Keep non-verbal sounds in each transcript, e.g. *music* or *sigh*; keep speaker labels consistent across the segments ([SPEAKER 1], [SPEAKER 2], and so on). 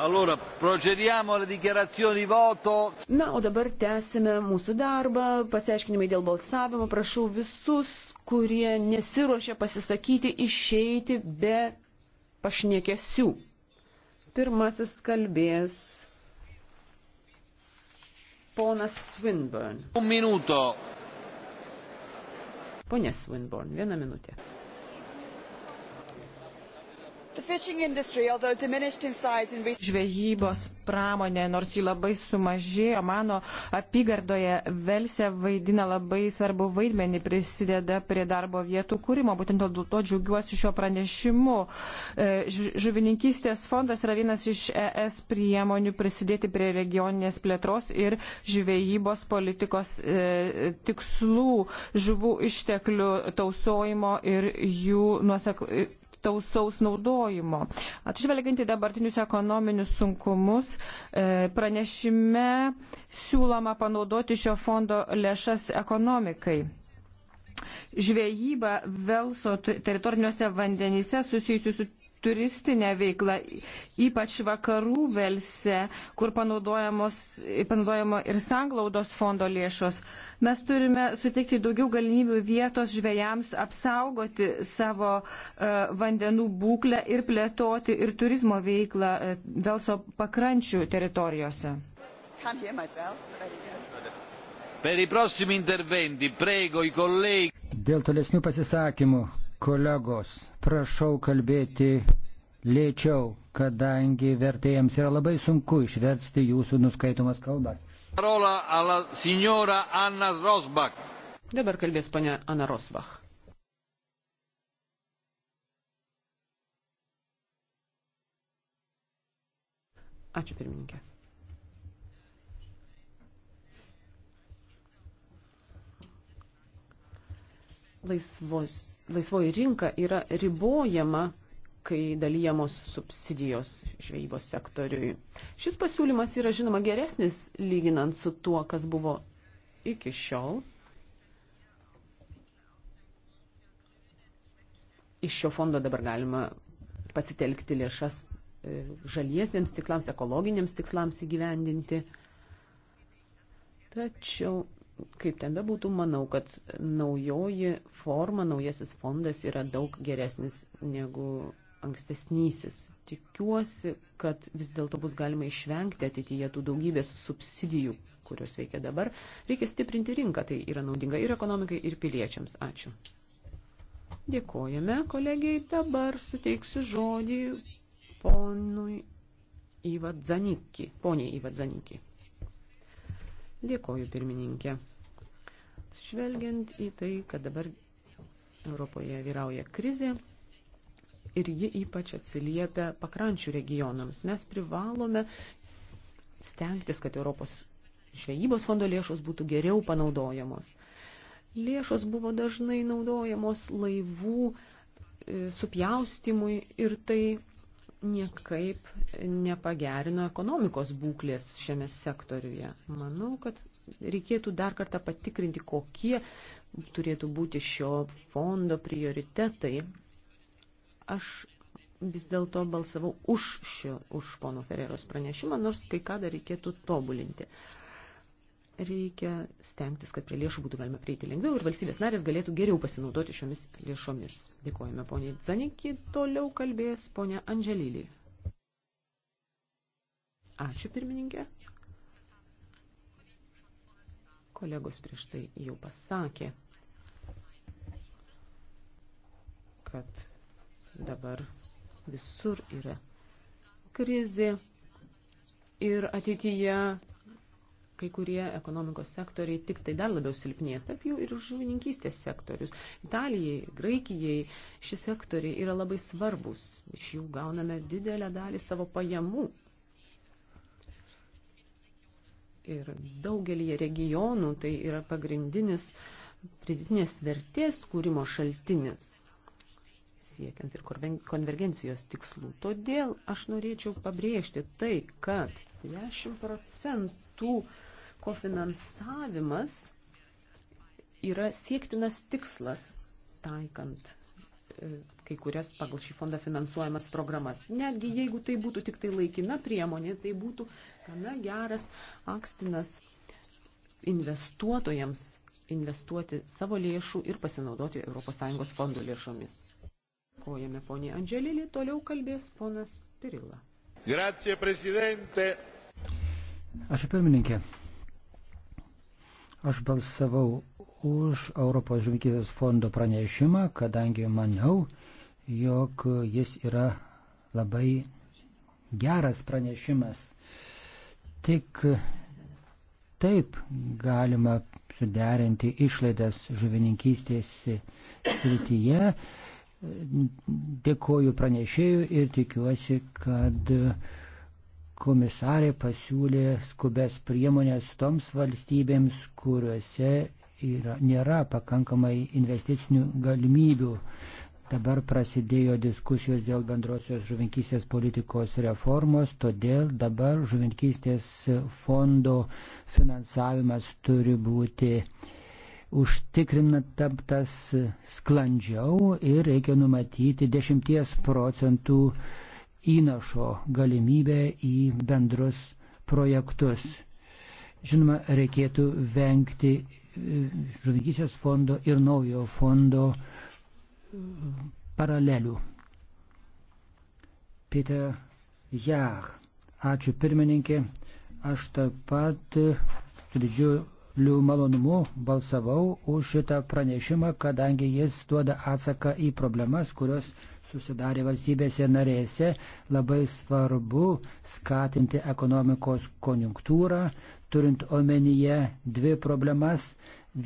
[SPEAKER 1] Allora, procediamo
[SPEAKER 2] alle dichiarazioni voto. Na, o
[SPEAKER 3] dabar tęsime mūsų darbą, pasiaiškinimai dėl balsavimo. Prašau visus, kurie nesiruošia pasisakyti, išeiti be pašnekesių. Pirmasis kalbės ponas Swinburne. Un minuto. Pone Swinburne, vieną minutę.
[SPEAKER 4] Žvejybos pramonė, nors jį labai sumažėjo, mano apygardoje Velsė vaidina labai svarbu vaidmenį, prisideda prie darbo vietų kūrimo. Būtent dėl to džiaugiuosi šio pranešimu. E, žuvininkystės fondas yra vienas iš ES priemonių prisidėti prie regioninės plėtros ir žvejybos politikos e, tikslų žuvų išteklių tausojimo ir jų nuoseklų tausaus naudojimo. Atsižvelgiant į dabartinius ekonominius sunkumus, e, pranešime siūloma panaudoti šio fondo lėšas ekonomikai. Žvejyba Velso teritoriniuose vandenyse susijusių su turistinę veiklą, ypač vakarų velse, kur panaudojama ir sanglaudos fondo lėšos. Mes turime suteikti daugiau galimybių vietos žvėjams apsaugoti savo uh, vandenų būklę ir plėtoti ir turizmo veiklą uh, Velso pakrančių
[SPEAKER 1] teritorijose.
[SPEAKER 2] Per i prossimi interventi prego i colleghi.
[SPEAKER 1] Dėl tolesnių pasisakymų Kolegos, prašau kalbėti lėčiau, kadangi vertėjams yra labai sunku išversti jūsų nuskaitomas kalbas.
[SPEAKER 3] Dabar kalbės ponia Ana Rosbach. Ačiū pirmininkė. Laisvos laisvoji rinka yra ribojama, kai dalyjamos subsidijos žvejybos sektoriui. Šis pasiūlymas yra žinoma geresnis lyginant su tuo, kas buvo iki šiol. Iš šio fondo dabar galima pasitelkti lėšas e, žaliesiems tiklams, ekologiniams tikslams įgyvendinti. Tačiau Kaip ten bebūtų, manau, kad naujoji forma, naujasis fondas yra daug geresnis negu ankstesnysis. Tikiuosi, kad vis dėlto bus galima išvengti ateityje tų daugybės subsidijų, kurios veikia dabar. Reikia stiprinti rinką, tai yra naudinga ir ekonomikai, ir piliečiams. Ačiū. Dėkojame kolegijai. Dabar suteiksiu žodį ponui Ivadzanikį. Poniai Ivadzanikį. Dėkoju, pirmininkė. Žvelgiant į tai, kad dabar Europoje vyrauja krizė ir ji ypač atsiliepia pakrančių regionams, mes privalome stengtis, kad Europos žvejybos fondo lėšos būtų geriau panaudojamos. Lėšos buvo dažnai naudojamos laivų e, supjaustimui ir tai niekaip nepagerino ekonomikos būklės šiame sektoriuje. Manau, kad reikėtų dar kartą patikrinti, kokie turėtų būti šio fondo prioritetai. Aš vis dėlto balsavau už, šio, už pono Ferreros pranešimą, nors kai ką dar reikėtų tobulinti. Reikia stengtis, kad prie lėšų būtų galima prieiti lengviau ir valstybės narės galėtų geriau pasinaudoti šiomis lėšomis. Dėkojame poniai Zanikį, toliau kalbės ponia Andželylį. Ačiū pirmininkė. Kolegos prieš tai jau pasakė, kad dabar visur yra krizė ir ateityje kai kurie ekonomikos sektoriai tik tai dar labiau silpnės, tarp jų ir žuvininkystės sektorius. Italijai, Graikijai šie sektoriai yra labai svarbus, iš jų gauname didelę dalį savo pajamų ir daugelį regionų tai yra pagrindinis pridėtinės vertės kūrimo šaltinis siekiant ir konvergencijos tikslų. Todėl aš norėčiau pabrėžti tai, kad 10 procentų kofinansavimas yra siektinas tikslas taikant kai kurias pagal šį fondą finansuojamas programas. Netgi jeigu tai būtų tik tai laikina priemonė, tai būtų gana geras akstinas investuotojams investuoti savo lėšų ir pasinaudoti ES fondų lėšomis. Kojame ponė Andželilį, toliau kalbės ponas Pirilla.
[SPEAKER 5] Grazie, prezidente.
[SPEAKER 1] Ačiū pirmininkė. Aš balsavau už Europos žuvininkystės fondo pranešimą, kadangi maniau, jog jis yra labai geras pranešimas. Tik taip galima suderinti išlaidas žuvininkystės srityje. Dėkoju pranešėjui ir tikiuosi, kad komisarė pasiūlė skubes priemonės toms valstybėms, kuriuose yra, nėra pakankamai investicinių galimybių. Dabar prasidėjo diskusijos dėl bendrosios žuvinkystės politikos reformos, todėl dabar žuvinkystės fondo finansavimas turi būti užtikrintas sklandžiau ir reikia numatyti 10 procentų įnašo galimybę į bendrus projektus. Žinoma, reikėtų vengti žuvininkystės fondo ir naujo fondo paralelių. Peter Jar, ačiū pirmininkė, aš taip pat su didžiuliu malonumu balsavau už šitą pranešimą, kadangi jis duoda atsaką į problemas, kurios susidarė valstybėse narėse, labai svarbu skatinti ekonomikos konjunktūrą, turint omenyje dvi problemas.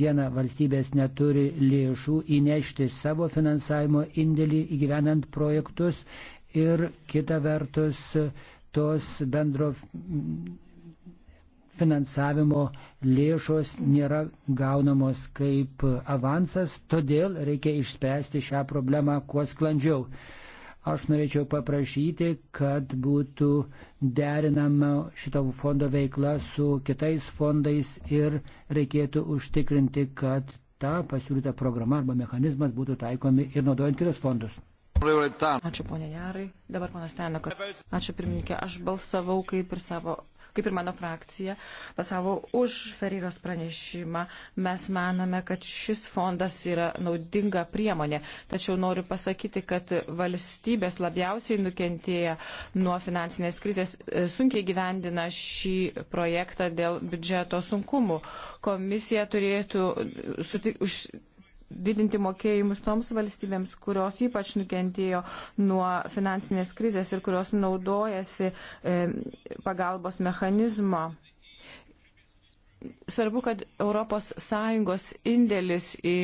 [SPEAKER 1] Viena valstybės neturi lėšų įnešti savo finansavimo indėlį įgyvenant projektus ir kita vertus tos bendro finansavimo lėšos nėra gaunamos kaip avansas, todėl reikia išspręsti šią problemą kuo sklandžiau. Aš norėčiau paprašyti, kad būtų derinama šito fondo veikla su kitais fondais ir reikėtų užtikrinti, kad ta pasiūlyta programa arba mechanizmas būtų taikomi ir naudojant kitus fondus.
[SPEAKER 5] Ačiū
[SPEAKER 4] ponė Jarai. Dabar ponas Tenakas. Ačiū pirmininkė. Aš balsavau kaip ir savo kaip ir mano frakcija, pasavo už Ferreiros pranešimą. Mes manome, kad šis fondas yra naudinga priemonė. Tačiau noriu pasakyti, kad valstybės labiausiai nukentėję nuo finansinės krizės e, sunkiai gyvendina šį projektą dėl biudžeto sunkumų. Komisija turėtų sutik, už, didinti mokėjimus toms valstybėms, kurios ypač nukentėjo nuo finansinės krizės ir kurios naudojasi e, pagalbos mechanizmo. Svarbu, kad ES indėlis į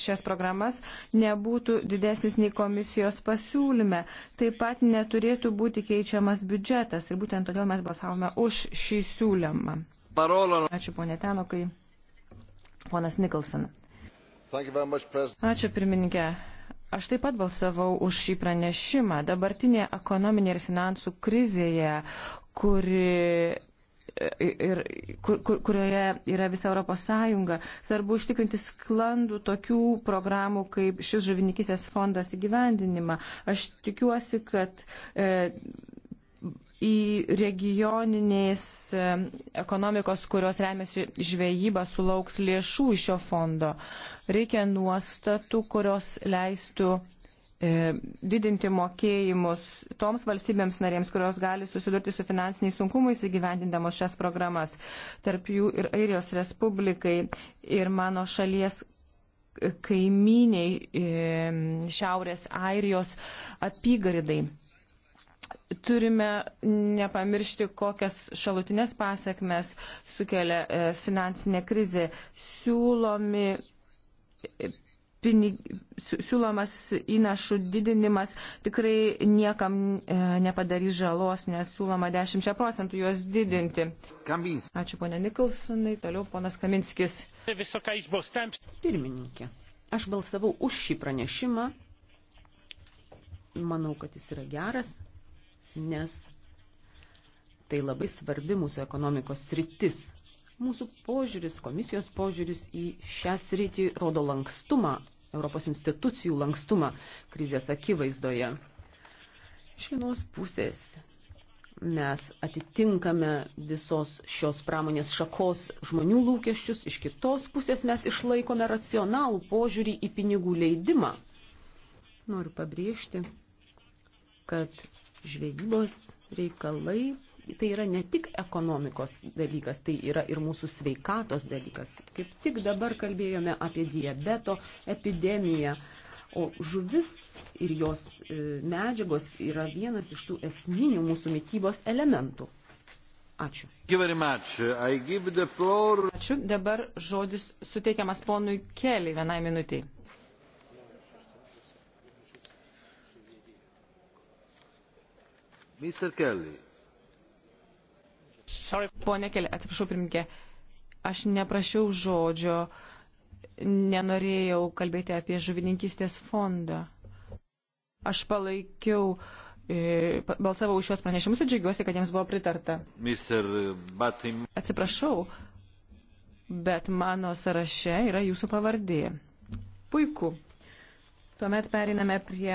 [SPEAKER 4] šias programas nebūtų didesnis nei komisijos pasiūlyme. Taip pat neturėtų būti keičiamas biudžetas ir būtent todėl mes balsavome už šį siūlymą. Parola. Ačiū ponė Tenokai. Ponas Nikolson.
[SPEAKER 5] Ačiū
[SPEAKER 4] pirmininkė. Aš taip pat balsavau už šį pranešimą. Dabartinė ekonominė ir finansų krizėje, kuri e, ir kur, kur, kurioje yra visa Europos Sąjunga. Svarbu užtikrinti sklandų tokių programų kaip šis žuvininkysės fondas įgyvendinimą. Aš tikiuosi, kad e, į regioninės e, ekonomikos, kurios remiasi žvejyba, sulauks lėšų iš šio fondo. E, Reikia nuostatų, kurios leistų e, didinti mokėjimus toms valstybėms narėms, kurios gali susidurti su finansiniais sunkumais įgyvendindamos šias programas, tarp jų ir Airijos Respublikai ir mano šalies kaiminiai e, Šiaurės Airijos apygardai. Turime nepamiršti, kokias šalutinės pasiekmes sukelia e, finansinė krizė. Siūlomi pinig, siūlomas įnašų didinimas tikrai niekam e, nepadarys žalos, nes siūloma 10 procentų juos didinti. Kamins. Ačiū ponė Nikolsonai, toliau ponas Kaminskis.
[SPEAKER 1] Pirmininkė,
[SPEAKER 3] aš balsavau už šį pranešimą. Manau, kad jis yra geras, nes tai labai svarbi mūsų ekonomikos sritis Mūsų požiūris, komisijos požiūris į šią sritį rodo lankstumą, Europos institucijų lankstumą krizės akivaizdoje. Iš vienos pusės mes atitinkame visos šios pramonės šakos žmonių lūkesčius, iš kitos pusės mes išlaikome racionalų požiūrį į pinigų leidimą. Noriu pabrėžti, kad žvejybos reikalai tai yra ne tik ekonomikos dalykas, tai yra ir mūsų sveikatos dalykas. Kaip tik dabar kalbėjome apie diabeto epidemiją, o žuvis ir jos e, medžiagos yra vienas iš tų esminių mūsų mytybos elementų.
[SPEAKER 4] Ačiū. Ačiū. Dabar žodis suteikiamas ponui Keliai vienai minutiai.
[SPEAKER 5] Mr. Kelly.
[SPEAKER 4] Pone Kelė, atsiprašau, pirmininkė, aš neprašiau žodžio, nenorėjau kalbėti apie žuvininkystės fondą. Aš palaikiau, e, balsavau už šios pranešimus ir džiaugiuosi, kad jiems buvo pritarta. Atsiprašau, bet mano sąraše yra jūsų pavardė. Puiku. Tuomet periname prie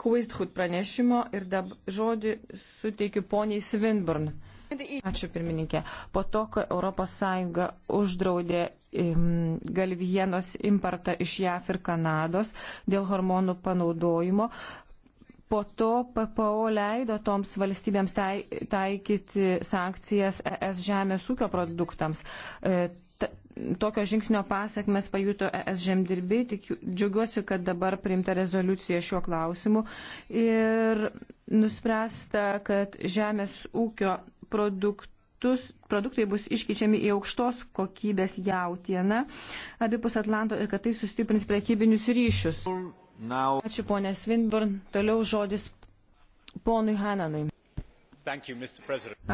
[SPEAKER 4] Quisthut pranešimo ir dabar žodį suteikiu poniai Svinburn. Ačiū pirmininkė. Po to, kai ES uždraudė galvijienos importą iš JAF ir Kanados dėl hormonų panaudojimo, po to PPO leido toms valstybėms tai, taikyti sankcijas ES žemės ūkio produktams. E, tokio žingsnio pasiekmes pajuto ES žemdirbiai. Tik džiaugiuosi, kad dabar priimta rezoliucija šiuo klausimu ir nuspręsta, kad žemės ūkio produktus, produktai bus iškeičiami į aukštos kokybės jautieną abipus Atlanto ir kad tai sustiprins prekybinius ryšius. Ačiū ponė Svinburn. Toliau žodis ponui Hananui. You,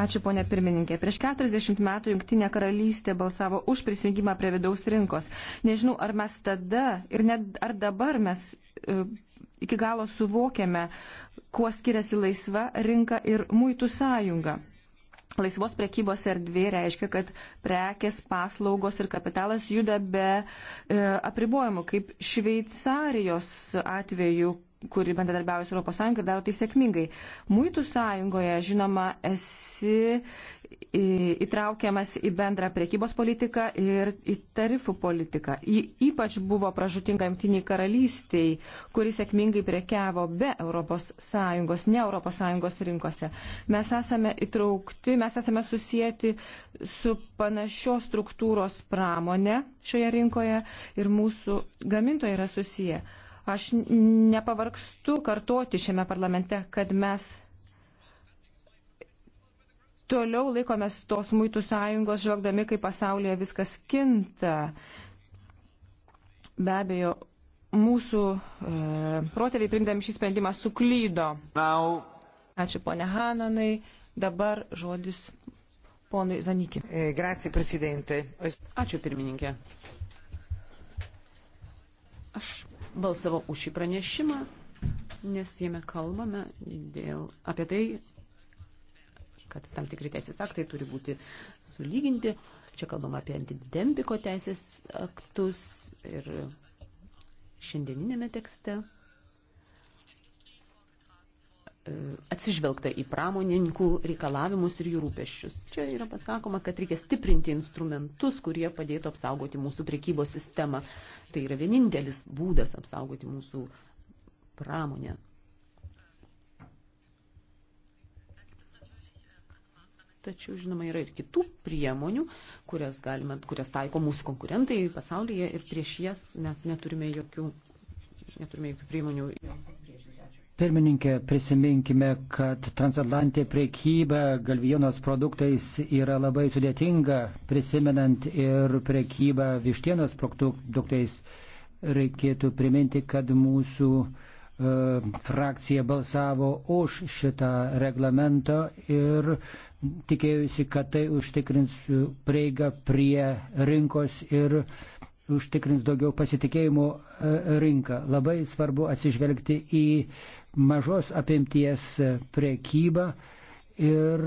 [SPEAKER 4] Ačiū, ponė pirmininkė. Prieš 40 metų Junktinė karalystė balsavo už prisijungimą prie vidaus rinkos. Nežinau, ar mes tada ir net ar dabar mes e, iki galo suvokėme, kuo skiriasi laisva rinka ir muitų sąjunga. Laisvos prekybos erdvė reiškia, kad prekės, paslaugos ir kapitalas juda be e, apribojimų, kaip Šveicarijos atveju, kuri bendradarbiauja su ES ir daro tai sėkmingai. Muitų sąjungoje, žinoma, esi įtraukiamas į bendrą priekybos politiką ir į tarifų politiką. Į, ypač buvo pražutinga Junktiniai karalystiai, kuri sėkmingai prekiavo be ES, ne ES rinkose. Mes esame įtraukti, mes esame susijęti su panašios struktūros pramonė šioje rinkoje ir mūsų gamintojai yra susiję. Aš nepavargstu kartoti šiame parlamente, kad mes toliau laikomės tos muitų sąjungos, žvelgdami, kaip pasaulyje viskas kinta. Be abejo, mūsų e, protėviai primdami šį sprendimą suklydo. Now. Ačiū ponė Hananai. Dabar žodis ponui Zanikį. E, grazie, prezidentė. Ačiū
[SPEAKER 3] pirmininkė. Aš balsavau už šį pranešimą, nes jame kalbame dėl, apie tai, kad tam tikri teisės aktai turi būti sulyginti. Čia kalbama apie antidempiko teisės aktus ir šiandieninėme tekste E, atsižvelgta į pramoninkų reikalavimus ir jų rūpeščius. Čia yra pasakoma, kad reikia stiprinti instrumentus, kurie padėtų apsaugoti mūsų prekybos sistemą. Tai yra vienintelis būdas apsaugoti mūsų pramonę. Tačiau, žinoma, yra ir kitų priemonių, kurias, galime, kurias taiko mūsų konkurentai pasaulyje ir prieš jas mes neturime jokių, neturime jokių priemonių joms
[SPEAKER 1] Pirmininkė, prisiminkime, kad transatlantė priekyba galvijonos produktais yra labai sudėtinga, prisimenant ir priekybą vištienos produktais. Reikėtų priminti, kad mūsų e, frakcija balsavo už šitą reglamentą ir tikėjusi, kad tai užtikrins prieigą prie rinkos ir užtikrins daugiau pasitikėjimų e, rinką. Labai svarbu atsižvelgti į mažos apimties prekybą ir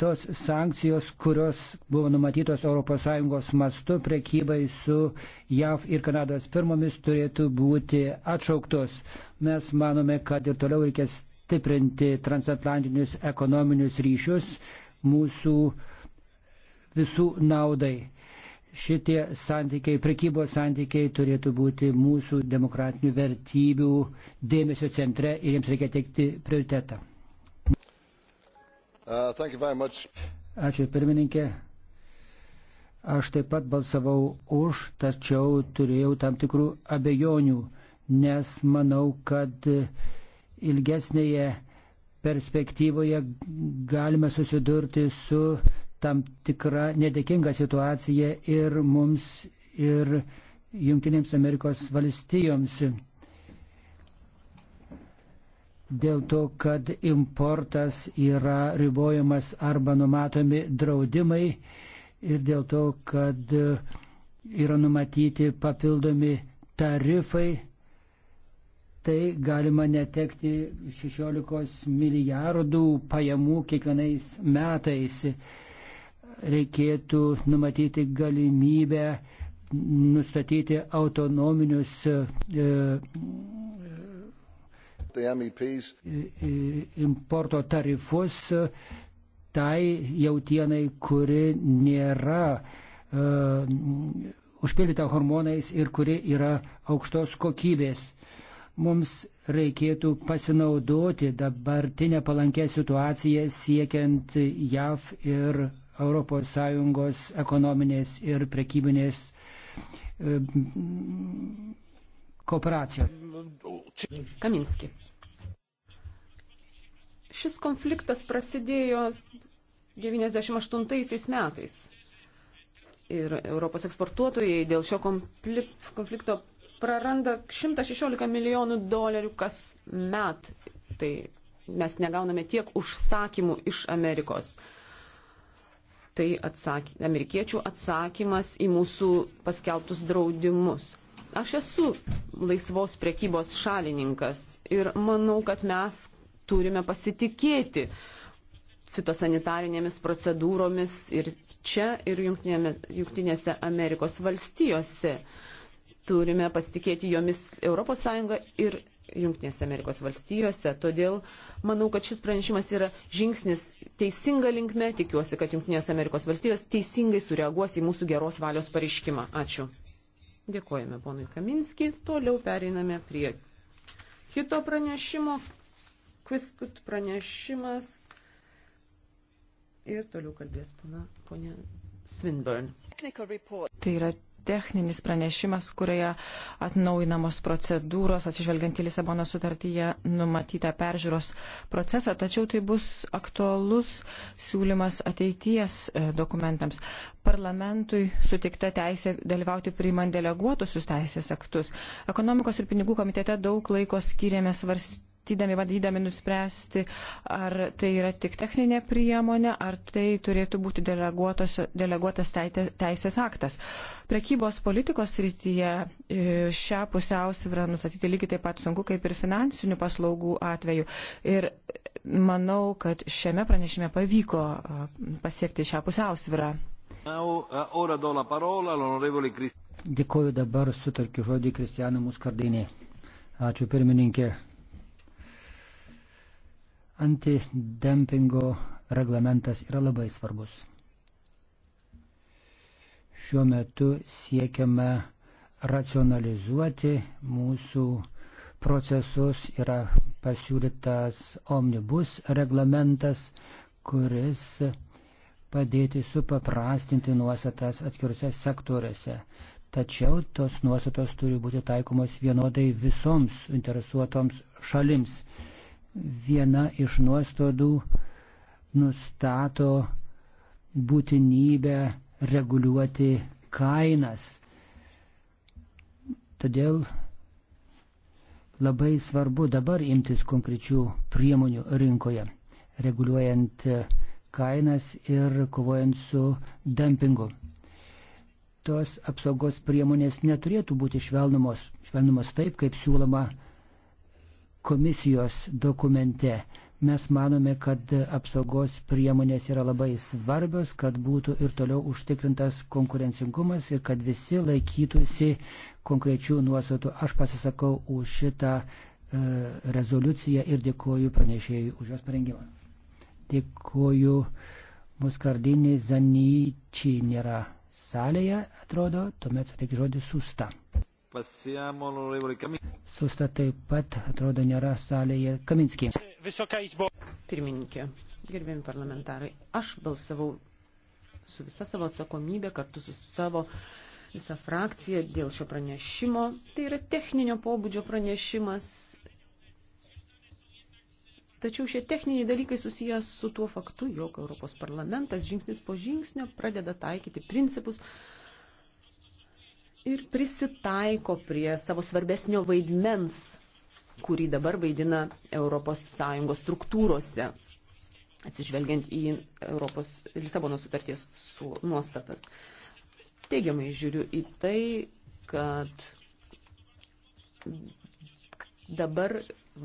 [SPEAKER 1] tos sankcijos, kurios buvo numatytos ES mastu prekybai su JAV ir Kanados firmomis, turėtų būti atšauktos. Mes manome, kad ir toliau reikia stiprinti transatlantinius ekonominius ryšius mūsų visų naudai. Šitie santykiai, prekybos santykiai turėtų būti mūsų demokratinių vertybių dėmesio centre ir jiems reikia teikti prioritetą.
[SPEAKER 5] Uh,
[SPEAKER 1] Ačiū pirmininkė. Aš taip pat balsavau už, tačiau turėjau tam tikrų abejonių, nes manau, kad ilgesnėje perspektyvoje galime susidurti su tam tikra nedėkinga situacija ir mums, ir Junktinėms Amerikos valstijoms. Dėl to, kad importas yra ribojamas arba numatomi draudimai ir dėl to, kad yra numatyti papildomi tarifai, tai galima netekti 16 milijardų pajamų kiekvienais metais reikėtų numatyti galimybę nustatyti autonominius e, e,
[SPEAKER 5] e,
[SPEAKER 1] importo tarifus tai jautienai, kuri nėra uh, užpildyta hormonais ir kuri yra aukštos kokybės. Mums reikėtų pasinaudoti dabartinę palankę situaciją siekiant JAV ir ES ekonominės ir prekybinės e, kooperacijos.
[SPEAKER 3] Kaminski. Šis konfliktas prasidėjo 98 metais. Ir Europos eksportuotojai dėl šio konflikto praranda 116 milijonų dolerių kas met. Tai mes negauname tiek užsakymų iš Amerikos tai atsaky, amerikiečių atsakymas į mūsų paskelbtus draudimus. Aš esu laisvos priekybos šalininkas ir manau, kad mes turime pasitikėti fitosanitarinėmis procedūromis ir čia, ir Junktinėse Amerikos valstijose. Turime pasitikėti jomis ES ir Junktinėse Amerikos valstijose. Todėl manau, kad šis pranešimas yra žingsnis teisinga linkme. Tikiuosi, kad Junktinės Amerikos valstijos teisingai sureaguos į mūsų geros valios pareiškimą. Ačiū. Dėkojame ponui Kaminski. Toliau pereiname prie kito pranešimo. Kviskut pranešimas. Ir toliau kalbės pana, ponia Swinburne.
[SPEAKER 4] Tai yra techninis pranešimas, kurioje atnaujinamos procedūros, atsižvelgiant į Lisabono sutartyje numatytą peržiūros procesą, tačiau tai bus aktualus siūlymas ateities e, dokumentams. Parlamentui sutikta teisė dalyvauti priimant deleguotusius teisės aktus. Ekonomikos ir pinigų komitete daug laiko skiriame svarstyti matydami, bandydami nuspręsti, ar tai yra tik techninė priemonė, ar tai turėtų būti deleguotas teisės aktas. Prekybos politikos rytyje e, šią pusiausvyrą nustatyti lygiai taip pat sunku kaip ir finansinių paslaugų atveju. Ir manau, kad šiame pranešime pavyko
[SPEAKER 1] e, pasiekti šią pusiausvyrą.
[SPEAKER 5] E,
[SPEAKER 1] Dėkuoju dabar sutarkiu žodį Kristijanui Muskardinį. Ačiū pirmininkė antidempingo reglamentas yra labai svarbus. Šiuo metu siekiame racionalizuoti mūsų procesus, yra pasiūlytas omnibus reglamentas, kuris padėti supaprastinti nuostatas atskiruose sektoriuose. Tačiau tos nuostatos turi būti taikomos vienodai visoms interesuotoms šalims. Viena iš nuostodų nustato būtinybę reguliuoti kainas. Todėl labai svarbu dabar imtis konkrečių priemonių rinkoje, reguliuojant kainas ir kovojant su dumpingu. Tos apsaugos priemonės neturėtų būti švelnumos, švelnumos taip, kaip siūloma komisijos dokumente. Mes manome, kad apsaugos priemonės yra labai svarbios, kad būtų ir toliau užtikrintas konkurencingumas ir kad visi laikytųsi konkrečių nuostatų. Aš pasisakau už šitą e, rezoliuciją ir dėkoju pranešėjui už jos parengimą. Dėkoju Muskardinį Zanyčiai nėra salėje, atrodo, tuomet suteikiu žodį susta. Susta taip pat, atrodo, nėra salėje Kaminskė.
[SPEAKER 3] Pirmininkė, gerbėjami parlamentarai, aš balsavau su visa savo atsakomybė, kartu su savo visą frakciją dėl šio pranešimo. Tai yra techninio pobūdžio pranešimas. Tačiau šie techniniai dalykai susijęs su tuo faktu, jog Europos parlamentas žingsnis po žingsnio pradeda taikyti principus, ir prisitaiko prie savo svarbesnio vaidmens, kurį dabar vaidina ES struktūrose, atsižvelgiant į Europos Lisabono sutarties su nuostatas. Teigiamai žiūriu į tai, kad dabar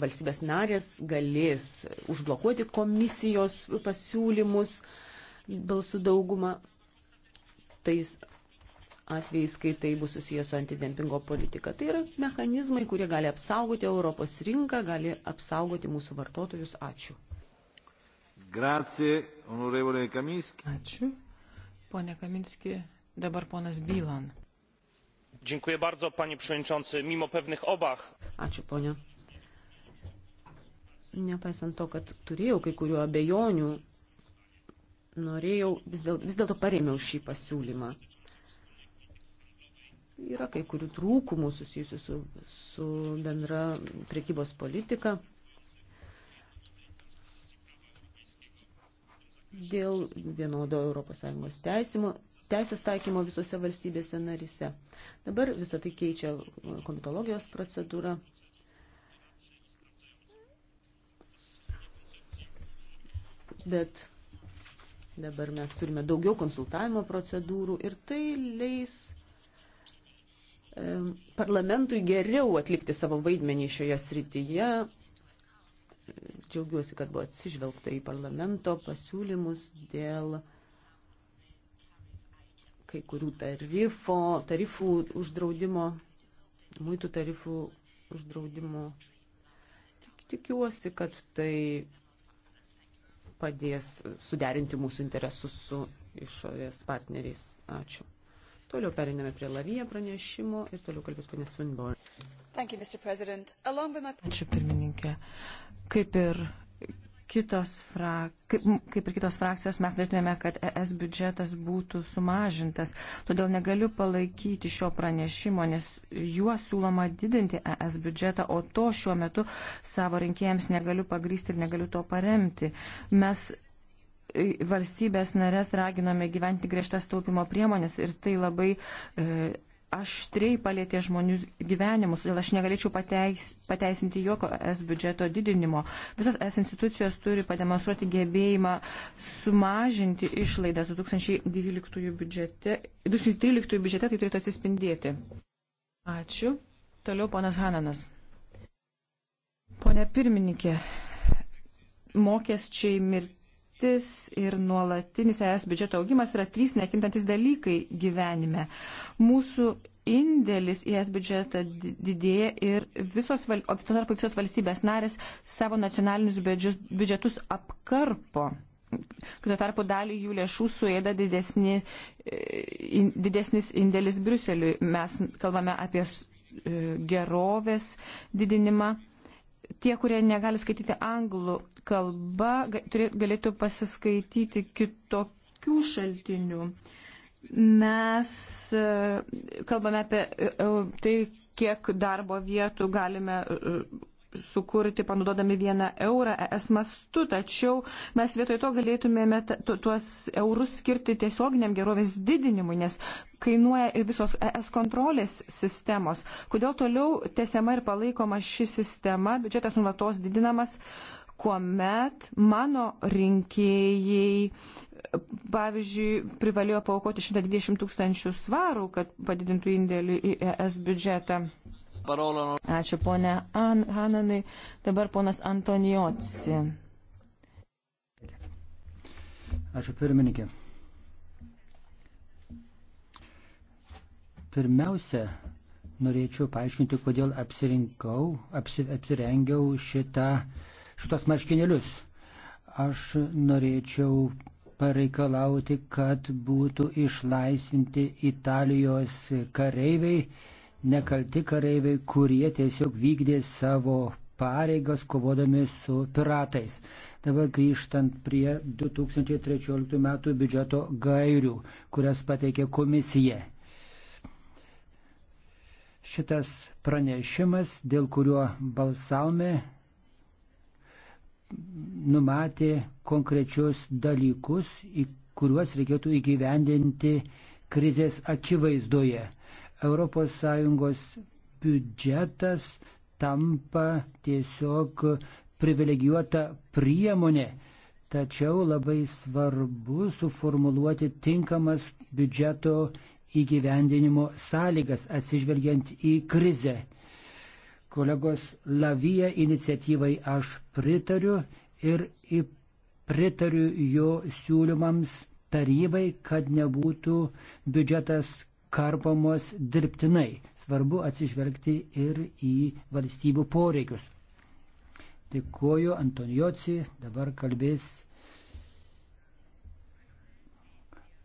[SPEAKER 3] valstybės narės galės užblokuoti komisijos pasiūlymus balsų daugumą tais atvejais, kai tai bus susijęs su antidempingo politika. Tai yra mechanizmai, kurie gali apsaugoti Europos
[SPEAKER 4] rinką, gali apsaugoti mūsų vartotojus. Ačiū.
[SPEAKER 2] Grazie, onorevole Kaminski.
[SPEAKER 4] Ačiū. Pone Kaminski, dabar ponas Bylan.
[SPEAKER 2] Dziękuję bardzo, panie przewodniczący. Mimo pewnych obaw. Ačiū, ponio.
[SPEAKER 3] Nepaisant to, kad turėjau kai kurių abejonių, norėjau, vis dėlto dėl, vis dėl paremiau šį pasiūlymą yra kai kurių trūkumų susijusių su, su bendra prekybos politika. Dėl vienodo ES teisimo, teisės taikymo visose valstybėse narise. Dabar visą tai keičia komitologijos procedūra. Bet dabar mes turime daugiau konsultavimo procedūrų ir tai leis parlamentui geriau atlikti savo vaidmenį šioje srityje. Džiaugiuosi, kad buvo atsižvelgta į parlamento pasiūlymus dėl kai kurių tarifo, tarifų uždraudimo, muitų tarifų uždraudimo. Tik, tikiuosi, kad tai padės suderinti mūsų interesus su išorės partneriais. Ačiū. Toliau periname prie Lavija pranešimo ir toliau kalbės ponė Svinborn.
[SPEAKER 2] Ačiū
[SPEAKER 4] pirmininkė. Kaip ir kitos, frak, kaip, kaip ir kitos frakcijos mes norėtume, kad ES biudžetas būtų sumažintas. Todėl negaliu palaikyti šio pranešimo, nes juo siūloma didinti ES biudžetą, o to šiuo metu savo rinkėjams negaliu pagrysti ir negaliu to paremti. Mes valstybės narės raginome gyventi griežtas taupimo priemonės ir tai labai e, aštriai palėtė žmonių gyvenimus, todėl aš negalėčiau pateis, pateisinti jokio es biudžeto didinimo. Visos es institucijos turi pademonstruoti gebėjimą sumažinti išlaidas 2012 biudžete, 2013 biudžete, tai turėtų atsispindėti. Ačiū. Toliau ponas Hananas. Pone pirmininkė, mokesčiai mirti sukaktis ir nuolatinis ES biudžeto augimas yra trys nekintantis dalykai gyvenime. Mūsų indėlis į ES biudžetą didėja ir visos, o tuo tarpu visos valstybės narės savo nacionalinius biudžetus, biudžetus apkarpo. Tuo tarpu dalį jų lėšų suėda didesni, e, didesnis indėlis Bruseliui. Mes kalbame apie e, gerovės didinimą tie, kurie negali skaityti anglų kalbą, galėtų pasiskaityti kitokių šaltinių. Mes e, kalbame apie e, e, tai, kiek darbo vietų galime sukurti panaudodami vieną eurą es mastu, tačiau mes vietoj to galėtumėme tuos eurus skirti tiesioginiam gerovės didinimui, nes kainuoja ir visos es kontrolės sistemos. Kodėl toliau tesiama ir palaikoma ši sistema, biudžetas nulatos didinamas, kuomet mano rinkėjai, pavyzdžiui, privalėjo paukoti 120 tūkstančių svarų, kad padidintų indėlį į ES biudžetą.
[SPEAKER 2] Ačiū
[SPEAKER 4] ponė An Hananai. Dabar ponas Antoniotsi.
[SPEAKER 1] Ačiū pirmininkė. Pirmiausia, norėčiau paaiškinti, kodėl apsirinkau, apsi, apsirengiau šitą, šitas marškinėlius. Aš norėčiau pareikalauti, kad būtų išlaisvinti Italijos kareiviai nekalti kareiviai, kurie tiesiog vykdė savo pareigas kovodami su piratais. Dabar grįžtant prie 2013 m. biudžeto gairių, kurias pateikė komisija. Šitas pranešimas, dėl kurio balsavome, numatė konkrečius dalykus, į kuriuos reikėtų įgyvendinti krizės akivaizdoje. ES biudžetas tampa tiesiog privilegijuota priemonė. Tačiau labai svarbu suformuluoti tinkamas biudžeto įgyvendinimo sąlygas atsižvelgiant į krizę. Kolegos Lavija iniciatyvai aš pritariu ir pritariu jo siūlymams tarybai, kad nebūtų biudžetas karpamos dirbtinai. Svarbu atsižvelgti ir į valstybių poreikius. Dėkuoju Antonijoci, dabar kalbės.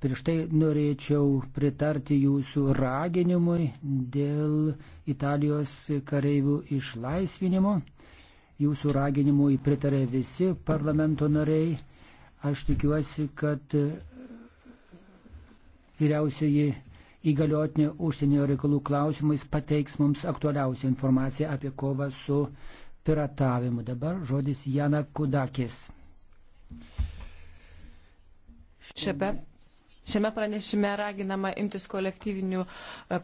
[SPEAKER 1] Prieš tai norėčiau pritarti jūsų raginimui dėl Italijos kareivių išlaisvinimo. Jūsų raginimui pritarė visi parlamento nariai. Aš tikiuosi, kad vyriausioji įgaliotinė užsienio reikalų klausimais pateiks mums aktualiausią informaciją apie kovą su piratavimu. Dabar žodis Jana Kudakis. Šiame
[SPEAKER 4] Šiame pranešime raginama imtis kolektyvinių e,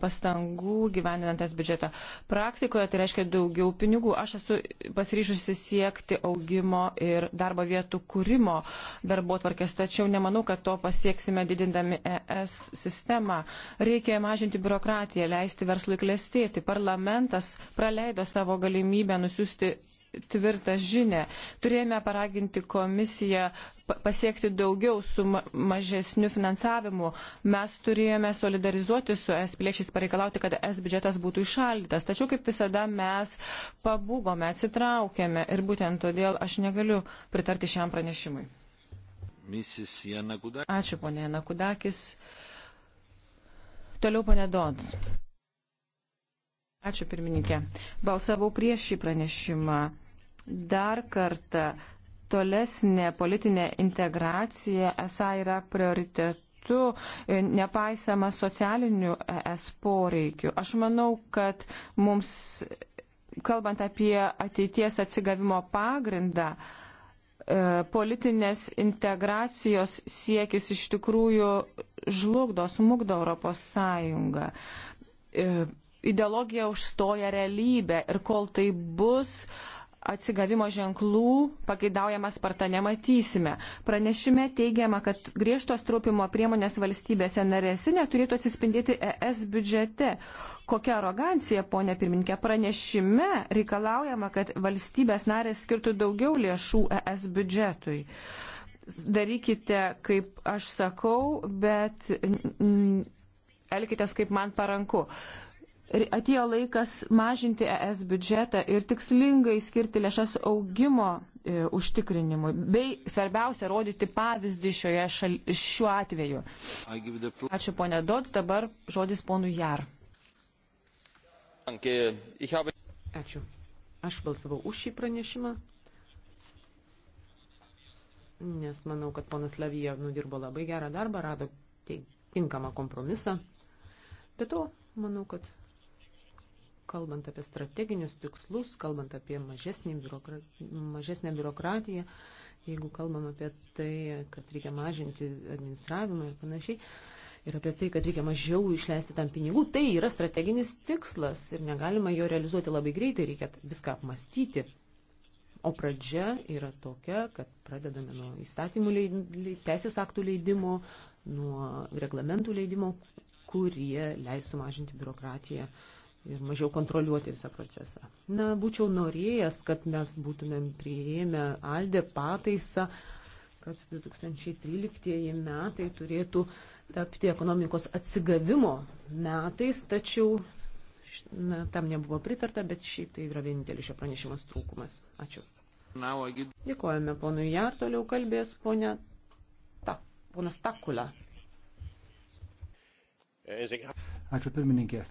[SPEAKER 4] pastangų gyveninantas biudžetą. Praktikoje tai reiškia daugiau pinigų. Aš esu pasiryžusi siekti augimo ir darbo vietų kūrimo darbo tvarkės, tačiau nemanau, kad to pasieksime didindami ES sistemą. Reikia mažinti biurokratiją, leisti verslui klestėti. Parlamentas praleido savo galimybę nusiųsti tvirtą žinę. Turėjome paraginti komisiją pasiekti daugiau su mažesniu finansavimu. Mes turėjome solidarizuoti su es piliečiais, pareikalauti, kad es biudžetas būtų išaldytas. Tačiau, kaip visada, mes pabūgome, atsitraukėme ir būtent todėl aš negaliu pritarti šiam pranešimui.
[SPEAKER 2] Ačiū,
[SPEAKER 4] ponė Nakudakis. Toliau, ponė Dodds. Ačiū pirmininkė. Balsavau prieš šį pranešimą, Dar kartą, tolesnė politinė integracija esą yra prioritetu metu nepaisama socialinių es poreikių. Aš manau, kad mums, kalbant apie ateities atsigavimo pagrindą, e, politinės integracijos siekis iš tikrųjų žlugdo, smugdo Europos Sąjungą. E, ideologija užstoja realybę ir kol tai bus, uh, atsigavimo ženklų pageidaujama sparta nematysime. Pranešime teigiama, kad griežtos trūpimo priemonės valstybėse narėse neturėtų atsispindėti ES biudžete. Kokia arogancija, ponė pirminkė, pranešime reikalaujama, kad valstybės narės skirtų daugiau lėšų ES biudžetui. Darykite, kaip aš sakau, bet elkitės kaip man paranku atėjo laikas mažinti ES biudžetą ir tikslingai skirti lėšas augimo e, užtikrinimui, bei svarbiausia rodyti pavyzdį šioje šal, šiuo atveju. Ačiū ponė Dots, dabar žodis ponui Jar.
[SPEAKER 5] Ačiū.
[SPEAKER 4] Aš balsavau už šį
[SPEAKER 3] pranešimą, nes manau, kad ponas Levija nudirbo labai gerą darbą, rado tinkamą kompromisą. Be to, manau, kad kalbant apie strateginius tikslus, kalbant apie biurokra... mažesnę biurokratiją, jeigu kalbam apie tai, kad reikia mažinti administravimą ir panašiai, ir apie tai, kad reikia mažiau išleisti tam pinigų, tai yra strateginis tikslas ir negalima jo realizuoti labai greitai, reikia viską apmastyti. O pradžia yra tokia, kad pradedame nuo įstatymų leidimo, teisės aktų leidimo, nuo reglamentų leidimo, kurie leis sumažinti biurokratiją uh, ir mažiau kontroliuoti visą procesą. Na, būčiau norėjęs, kad mes būtumėm prieėmę Aldė pataisą, kad 2013 metai turėtų tapti ekonomikos atsigavimo metais, tačiau na, tam nebuvo pritarta, bet šiaip tai yra vienintelis šio pranešimas trūkumas. Ačiū.
[SPEAKER 2] Dėkojame
[SPEAKER 3] ponui Jar, toliau kalbės ponia Ta, ponas Takula.
[SPEAKER 1] Ačiū pirmininkė.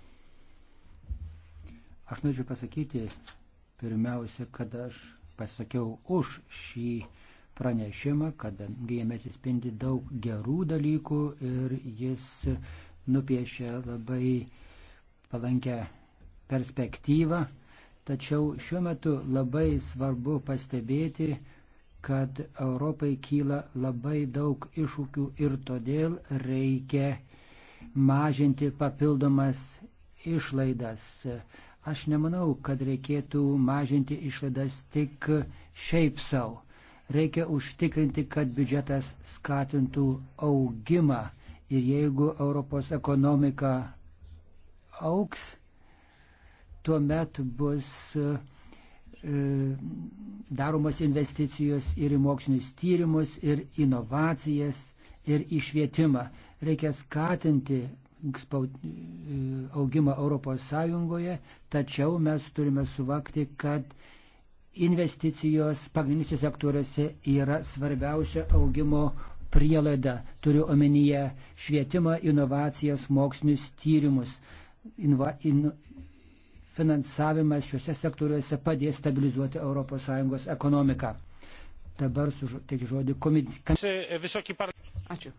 [SPEAKER 1] Aš norėčiau pasakyti pirmiausia, kad aš pasakiau už šį pranešimą, kadangi jame atsispindi daug gerų dalykų ir jis nupiešia labai palankę perspektyvą. Tačiau šiuo metu labai svarbu pastebėti, kad Europai kyla labai daug iššūkių ir todėl reikia mažinti papildomas išlaidas. Aš nemanau, kad reikėtų mažinti išlaidas tik šiaip savo. Reikia užtikrinti, kad biudžetas skatintų augimą ir jeigu Europos ekonomika auks, tuomet bus e, daromos investicijos ir į mokslinius tyrimus, ir inovacijas, ir į švietimą. Reikia skatinti augimą Europos Sąjungoje, tačiau mes turime suvakti, kad investicijos pagrindinėse sektoriuose yra svarbiausia augimo prielaida. Turiu omenyje švietimą, inovacijas, mokslinius tyrimus. Inva, in, finansavimas šiuose sektoriuose padės stabilizuoti ES ekonomiką. Dabar suteikiu žodį komisijai.
[SPEAKER 3] Ačiū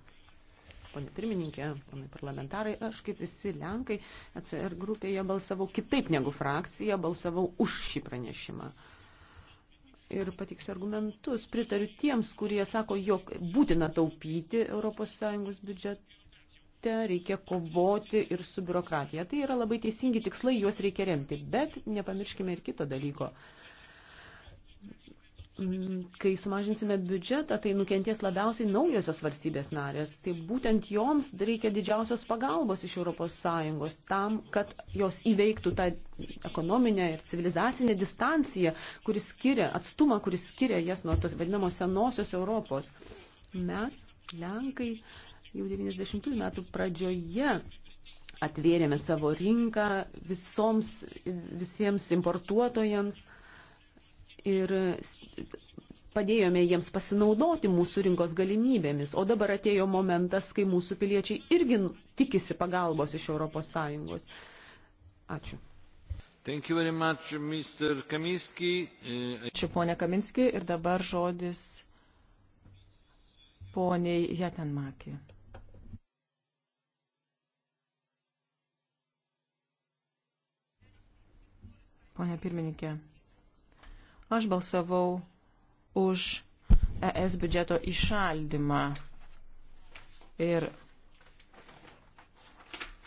[SPEAKER 3] ponė pirmininkė, ponai parlamentarai, aš kaip visi Lenkai ACR grupėje balsavau kitaip negu frakcija, balsavau už šį pranešimą. Ir patiksiu argumentus, pritariu tiems, kurie sako, jog būtina taupyti ES biudžetą biudžete, reikia kovoti ir su biurokratija. Tai yra labai teisingi tikslai, juos reikia remti. Bet nepamirškime ir kito dalyko. Mm, kai sumažinsime biudžetą, tai nukenties labiausiai naujosios valstybės narės. Tai būtent joms reikia didžiausios pagalbos iš ES tam, kad jos įveiktų tą ekonominę ir civilizacinę distanciją, kuris skiria, atstumą, kuris skiria jas nuo tos vadinamos senosios Europos. Mes, Lenkai, jau 90-ųjų metų pradžioje atvėrėme savo rinką visoms, visiems importuotojams ir padėjome jiems pasinaudoti mūsų rinkos galimybėmis, o dabar atėjo momentas, kai mūsų piliečiai irgi tikisi pagalbos iš ES.
[SPEAKER 4] Ačiū.
[SPEAKER 2] Much, e, Ačiū
[SPEAKER 4] ponė Kaminski ir dabar žodis poniai Jatenmakė. Pone pirmininkė, Aš balsavau už ES biudžeto išaldymą ir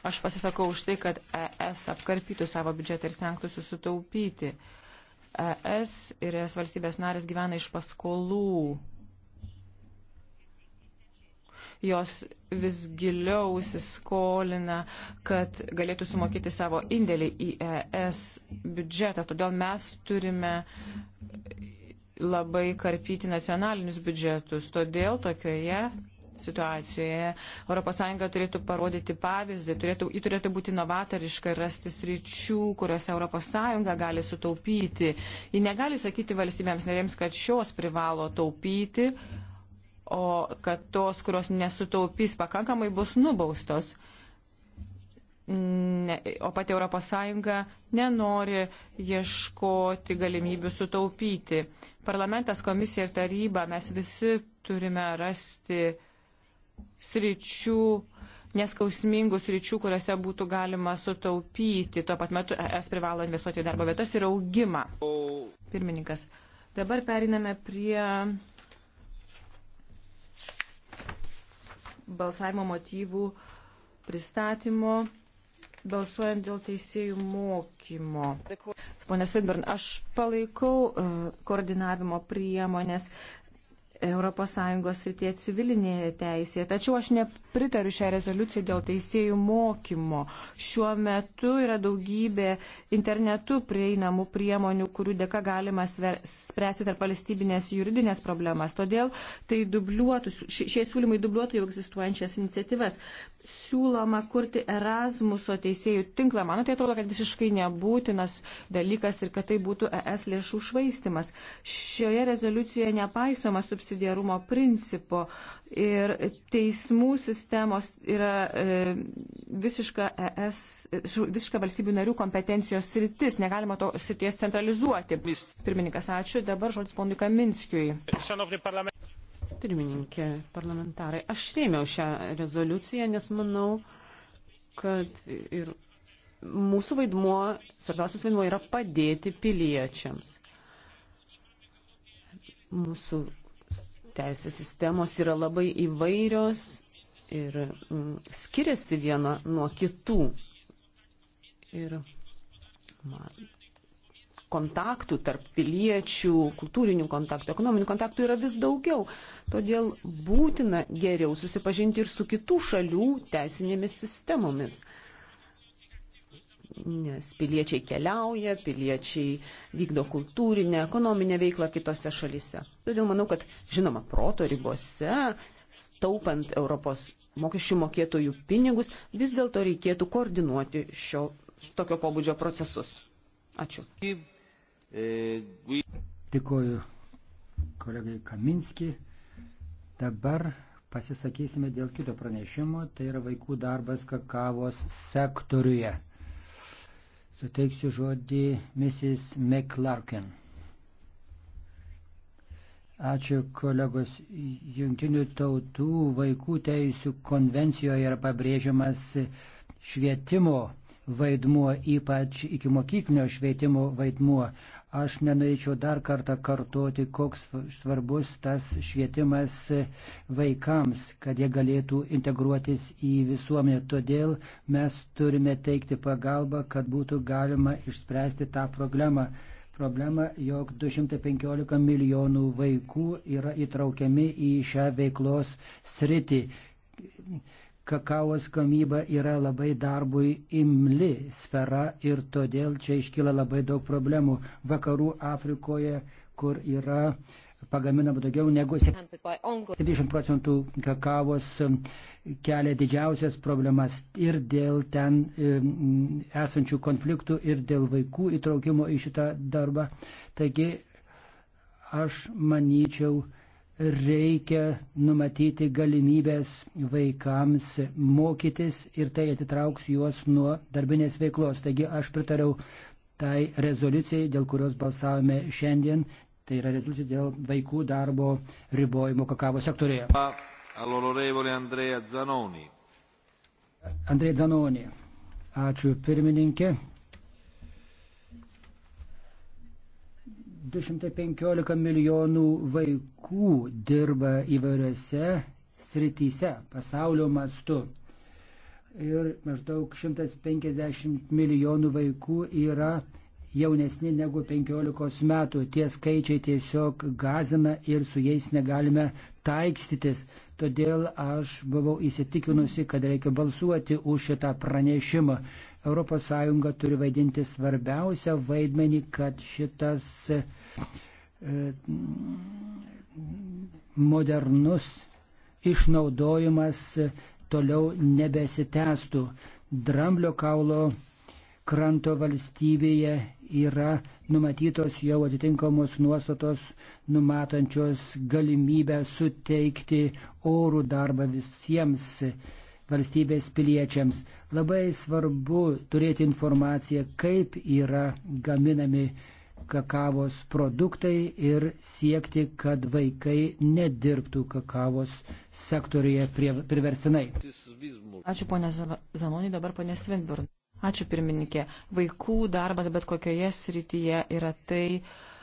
[SPEAKER 4] aš pasisakau už tai, kad ES apkarpytų savo biudžetą ir stengtųsi sutaupyti. ES ir ES valstybės narės gyvena iš paskolų jos vis giliau įsiskolina, kad galėtų sumokėti savo indėlį į ES biudžetą. Todėl mes turime labai karpyti nacionalinius biudžetus. Todėl tokioje situacijoje ES turėtų parodyti pavyzdį, turėtų, ji turėtų būti novatoriška ir rasti sričių, kuriuose ES gali sutaupyti. Ji negali sakyti valstybėms narėms, kad šios privalo taupyti, o kad tos, kurios nesutaupys pakankamai, bus nubaustos. Ne, o pati ES nenori ieškoti galimybių sutaupyti. Parlamentas, komisija ir taryba, mes visi turime rasti sričių, neskausmingų sričių, kuriuose būtų galima sutaupyti. Tuo pat metu es privalo investuoti į darbo vietas ir augimą. Pirmininkas. Dabar periname prie balsavimo motyvų pristatymo balsuojant dėl teisėjų mokymo. Pone Svedbern, aš palaikau e, koordinavimo priemonės ES ir tie civilinėje teisėje. Tačiau aš nepritariu šią rezoliuciją dėl teisėjų mokymo. Šiuo metu yra daugybė internetu prieinamų priemonių, kurių dėka galima spręsti tarp valstybinės juridinės problemas. Todėl tai dubliuotų, šie siūlymai dubliuotų jau egzistuojančias iniciatyvas. Siūloma kurti Erasmuso teisėjų tinklą. Man tai atrodo, kad visiškai nebūtinas dalykas ir kad tai būtų ES lėšų švaistimas. Šioje rezoliucijoje nepaisoma subsidijuoti subsidiarumo principo ir teismų sistemos yra e, visiška, ES, e, visiška valstybių narių kompetencijos sritis. Negalima to srities centralizuoti. Pirmininkas, ačiū. Dabar žodis ponui Kaminskiui. Pirmininkė,
[SPEAKER 3] parlamentarai, aš rėmiau šią rezoliuciją, nes manau, kad ir mūsų vaidmuo, svarbiausias vaidmuo yra padėti piliečiams. Mūsų teisės sistemos yra labai įvairios ir mm, skiriasi viena nuo kitų. Ir man, kontaktų tarp piliečių, kultūrinių kontaktų, ekonominių kontaktų yra vis daugiau. Todėl būtina geriau susipažinti ir su kitų šalių teisinėmis sistemomis nes piliečiai keliauja, piliečiai vykdo kultūrinę, ekonominę veiklą kitose šalise. Todėl manau, kad žinoma, proto ribose, staupant Europos mokesčių mokėtojų pinigus, vis dėlto reikėtų koordinuoti šio, tokio pobūdžio procesus. Ačiū.
[SPEAKER 1] Dėkuoju kolegai Kaminski. Dabar pasisakysime dėl kito pranešimo, tai yra vaikų darbas kakavos sektoriuje. Suteiksiu žodį Mrs. McClarkin. Ačiū kolegos. Junktinių tautų vaikų teisų konvencijoje yra pabrėžiamas švietimo vaidmuo, ypač iki mokyklinio švietimo vaidmuo. Aš nenorėčiau dar kartą kartoti, koks svarbus tas švietimas vaikams, kad jie galėtų integruotis į visuomenę. Todėl mes turime teikti pagalbą, kad būtų galima išspręsti tą problemą. Problema, jog 215 milijonų vaikų yra įtraukiami į šią veiklos sritį kakavos gamyba yra labai darbui imli sfera ir todėl čia iškyla labai daug problemų. Vakarų Afrikoje, kur yra pagaminama daugiau negu 70 procentų kakavos e, kelia didžiausias problemas ir dėl ten e, esančių konfliktų, ir dėl vaikų įtraukimo į šitą darbą. Taigi aš manyčiau, reikia numatyti galimybės vaikams mokytis ir tai atitrauks juos nuo darbinės veiklos. Taigi aš pritariau tai rezoliucijai, dėl kurios balsavome šiandien, tai yra rezoliucija dėl vaikų darbo ribojimo kakavo sektorėje. Andrei Zanonė. Ačiū pirmininkė. 215 milijonų vaikų dirba įvairiose srityse pasaulio mastu. Ir maždaug 150 milijonų vaikų yra jaunesni negu 15 metų. Tie skaičiai tiesiog gazina ir su jais negalime taikstytis. Todėl aš buvau įsitikinusi, kad reikia balsuoti už šitą pranešimą. ES turi vaidinti svarbiausią vaidmenį, kad šitas e, modernus išnaudojimas toliau nebesitęstų. Dramblio kaulo kranto valstybėje yra numatytos jau atitinkamos nuostatos, numatančios galimybę suteikti orų darbą visiems valstybės piliečiams. Labai svarbu turėti informaciją, kaip yra gaminami kakavos produktai ir siekti, kad vaikai nedirbtų kakavos sektoriuje priversinai. Ačiū ponė Zanonį, dabar ponė Svinburn. Ačiū pirmininkė.
[SPEAKER 4] Vaikų darbas bet kokioje srityje yra tai, uh,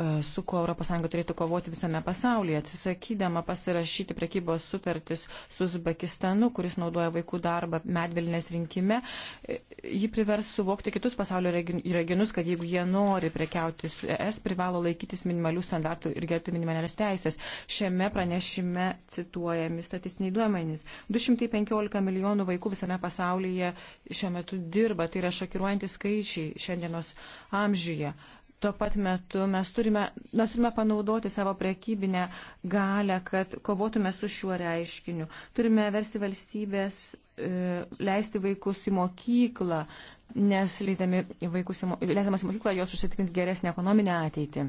[SPEAKER 4] E, su kuo ES turėtų kovoti visame pasaulyje, atsisakydama pasirašyti prekybos sutartis su Uzbekistanu, kuris naudoja vaikų darbą medvilnės rinkime, e, ji privers suvokti kitus pasaulio regionus, kad jeigu jie nori prekiauti su ES, privalo laikytis minimalių standartų ir gerbti minimalės teisės. Šiame pranešime cituojami statistiniai duomenys. 215 milijonų vaikų visame pasaulyje šiuo metu dirba, tai yra šokiruojantis skaičiai šiandienos amžiuje. Tuo pat metu mes turime, mes turime panaudoti savo prekybinę galę, kad kovotume su šiuo reiškiniu. Turime versti valstybės e, leisti vaikus į mokyklą, nes leisdami vaikus į, mo... leisdamas į mokyklą jos susitikrins geresnį ekonominę ateitį.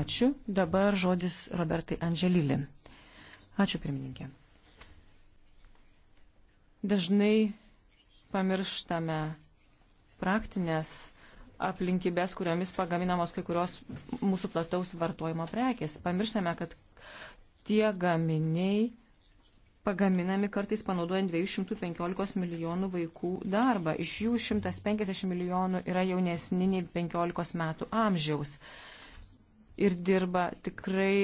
[SPEAKER 4] Ačiū. Dabar žodis Robertai Angelili. Ačiū, pirmininkė. Dažnai pamirštame praktinės aplinkybės, kuriomis pagaminamos kai kurios mūsų plataus vartojimo prekės. Pamirštame, kad tie gaminiai pagaminami kartais panaudojant 215 milijonų vaikų darbą. Iš jų 150 milijonų yra jaunesni nei 15 metų amžiaus ir dirba tikrai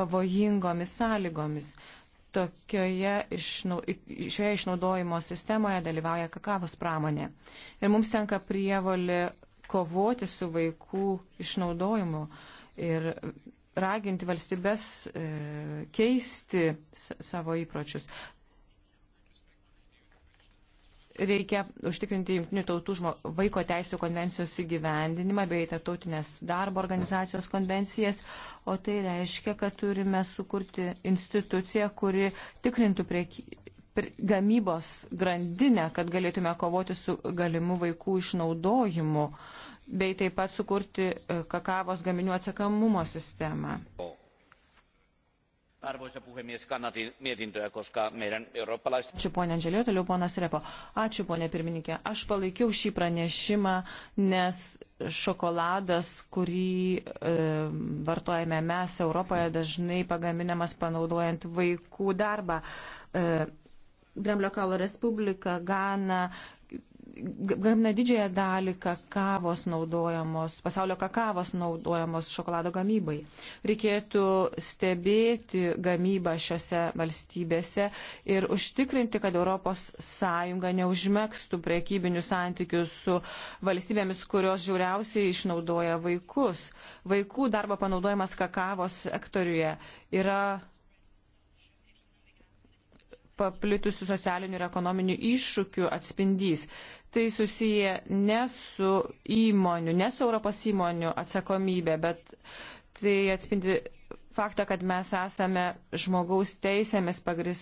[SPEAKER 4] pavojingomis sąlygomis tokioje išnau, šioje išnaudojimo sistemoje dalyvauja kakavos pramonė. Ir mums tenka prievalė kovoti su vaikų išnaudojimu ir raginti valstybės e, keisti savo įpročius reikia užtikrinti Junktinių tautų žmo, vaiko teisų konvencijos įgyvendinimą bei tarptautinės darbo organizacijos konvencijas, o tai reiškia, kad turime sukurti instituciją, kuri tikrintų prie, prie gamybos grandinę, kad galėtume kovoti su galimu vaikų išnaudojimu bei taip pat sukurti e, kakavos gaminių atsakamumo sistemą.
[SPEAKER 5] O. Arvoisa puhemies, kannatin mietintöä, koska meidän eurooppalaiset... Ačiū
[SPEAKER 4] ponė Andželė, toliau ponas Repo. Ačiū ponė pirmininkė. Aš palaikiau šį pranešimą, nes šokoladas, kurį e, vartojame mes Europoje, dažnai pagaminamas panaudojant vaikų darbą. E, Dramblio kalo Respublika, Gana, gamina didžiąją dalį kakavos naudojamos, pasaulio kakavos naudojamos šokolado gamybai. Reikėtų stebėti gamybą šiuose valstybėse ir užtikrinti, kad ES neužmėgstų priekybinių santykių su valstybėmis, kurios žiauriausiai išnaudoja vaikus. Vaikų darbo panaudojimas kakavos sektoriuje yra paplitusių socialinių ir ekonominių iššūkių atspindys tai susiję ne su įmonių, ne su Europos įmonių atsakomybė, bet tai atspindi faktą, kad mes esame žmogaus teisėmis pagris,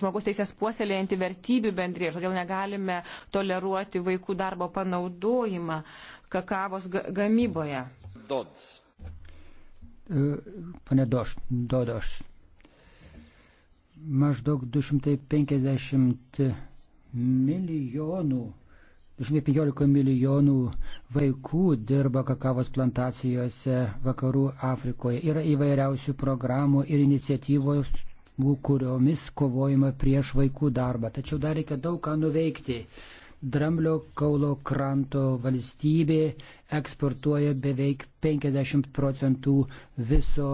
[SPEAKER 4] žmogaus teisės puoselėjanti vertybių bendrė ir todėl negalime toleruoti vaikų darbo panaudojimą kakavos gamyboje.
[SPEAKER 5] Dods.
[SPEAKER 1] E, pane Doš, Dodoš. Maždaug 250 milijonų Žinai, 15 milijonų vaikų dirba kakavos plantacijose vakarų Afrikoje. Yra įvairiausių programų ir iniciatyvos, kuriomis kovojama prieš vaikų darbą. Tačiau dar reikia daug ką nuveikti. Dramblio kaulo kranto valstybė eksportuoja beveik 50 procentų viso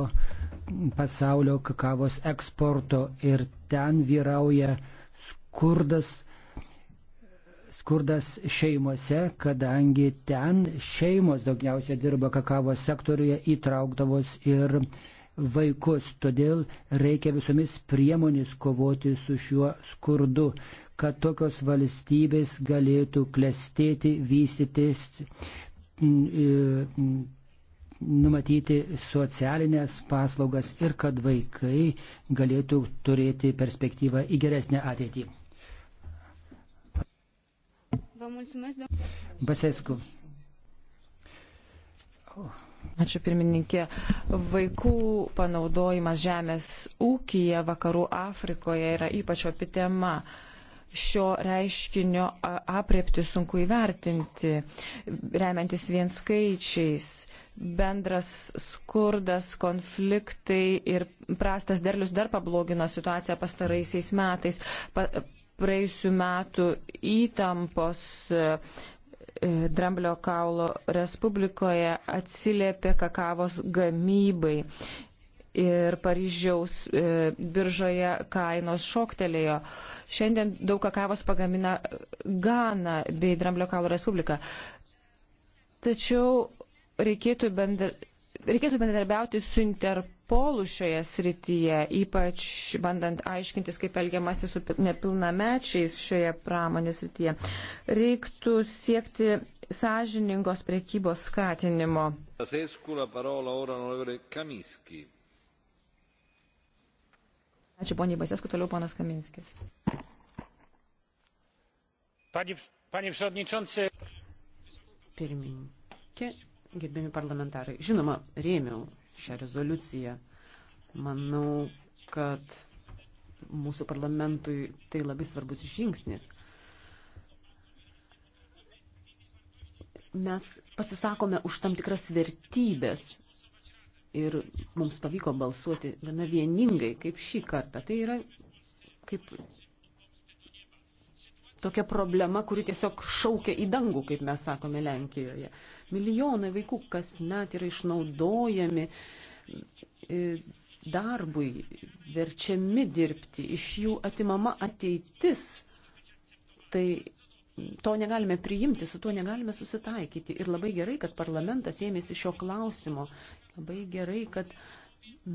[SPEAKER 1] pasaulio kakavos eksporto ir ten vyrauja skurdas skurdas šeimose, kadangi ten šeimos daugiausia dirba kakavos sektoriuje įtraukdavos ir vaikus. Todėl reikia visomis priemonės kovoti su šiuo skurdu, kad tokios valstybės galėtų klestėti, vystytis, numatyti socialinės paslaugas ir kad vaikai galėtų turėti perspektyvą į geresnę ateitį.
[SPEAKER 2] Vă mulțumesc, domnule.
[SPEAKER 1] Băsescu.
[SPEAKER 4] Oh. Ačiū pirmininkė. Vaikų panaudojimas žemės ūkija vakarų Afrikoje yra ypač opi tema. Šio reiškinio apriepti sunku įvertinti, remiantis vien skaičiais. Bendras skurdas, konfliktai ir prastas derlius dar pablogino situaciją pastaraisiais metais. Pa, praėjusių metų įtampos e, e, Dramblio kaulo Respublikoje atsiliepė kakavos gamybai ir Paryžiaus e, biržoje kainos šoktelėjo. Šiandien daug kakavos pagamina Gana bei Dramblio kaulo Respublika. Tačiau reikėtų, bendra, reikėtų bendarbiauti su Interpol monopolų šioje srityje, ypač bandant aiškintis, kaip elgiamasi su nepilnamečiais šioje pramonės srityje. Reiktų siekti sąžiningos priekybos skatinimo. Ačiū poniai Basesku, toliau ponas Kaminskis.
[SPEAKER 1] Panie, panie Przewodniczący.
[SPEAKER 4] Pirmininkė, gerbiami
[SPEAKER 3] parlamentarai, žinoma, rėmiau šią rezoliuciją. Manau, kad mūsų parlamentui tai labai svarbus žingsnis. Mes pasisakome už tam tikras vertybės ir mums pavyko balsuoti gana vieningai, kaip šį kartą. Tai yra kaip tokia problema, kuri tiesiog šaukia į dangų, kaip mes sakome Lenkijoje. Milijonai vaikų kasmet yra išnaudojami e, darbui, verčiami dirbti, iš jų atimama ateitis. Tai to negalime priimti, su tuo negalime susitaikyti. Ir labai gerai, kad parlamentas ėmėsi šio klausimo. Labai gerai, kad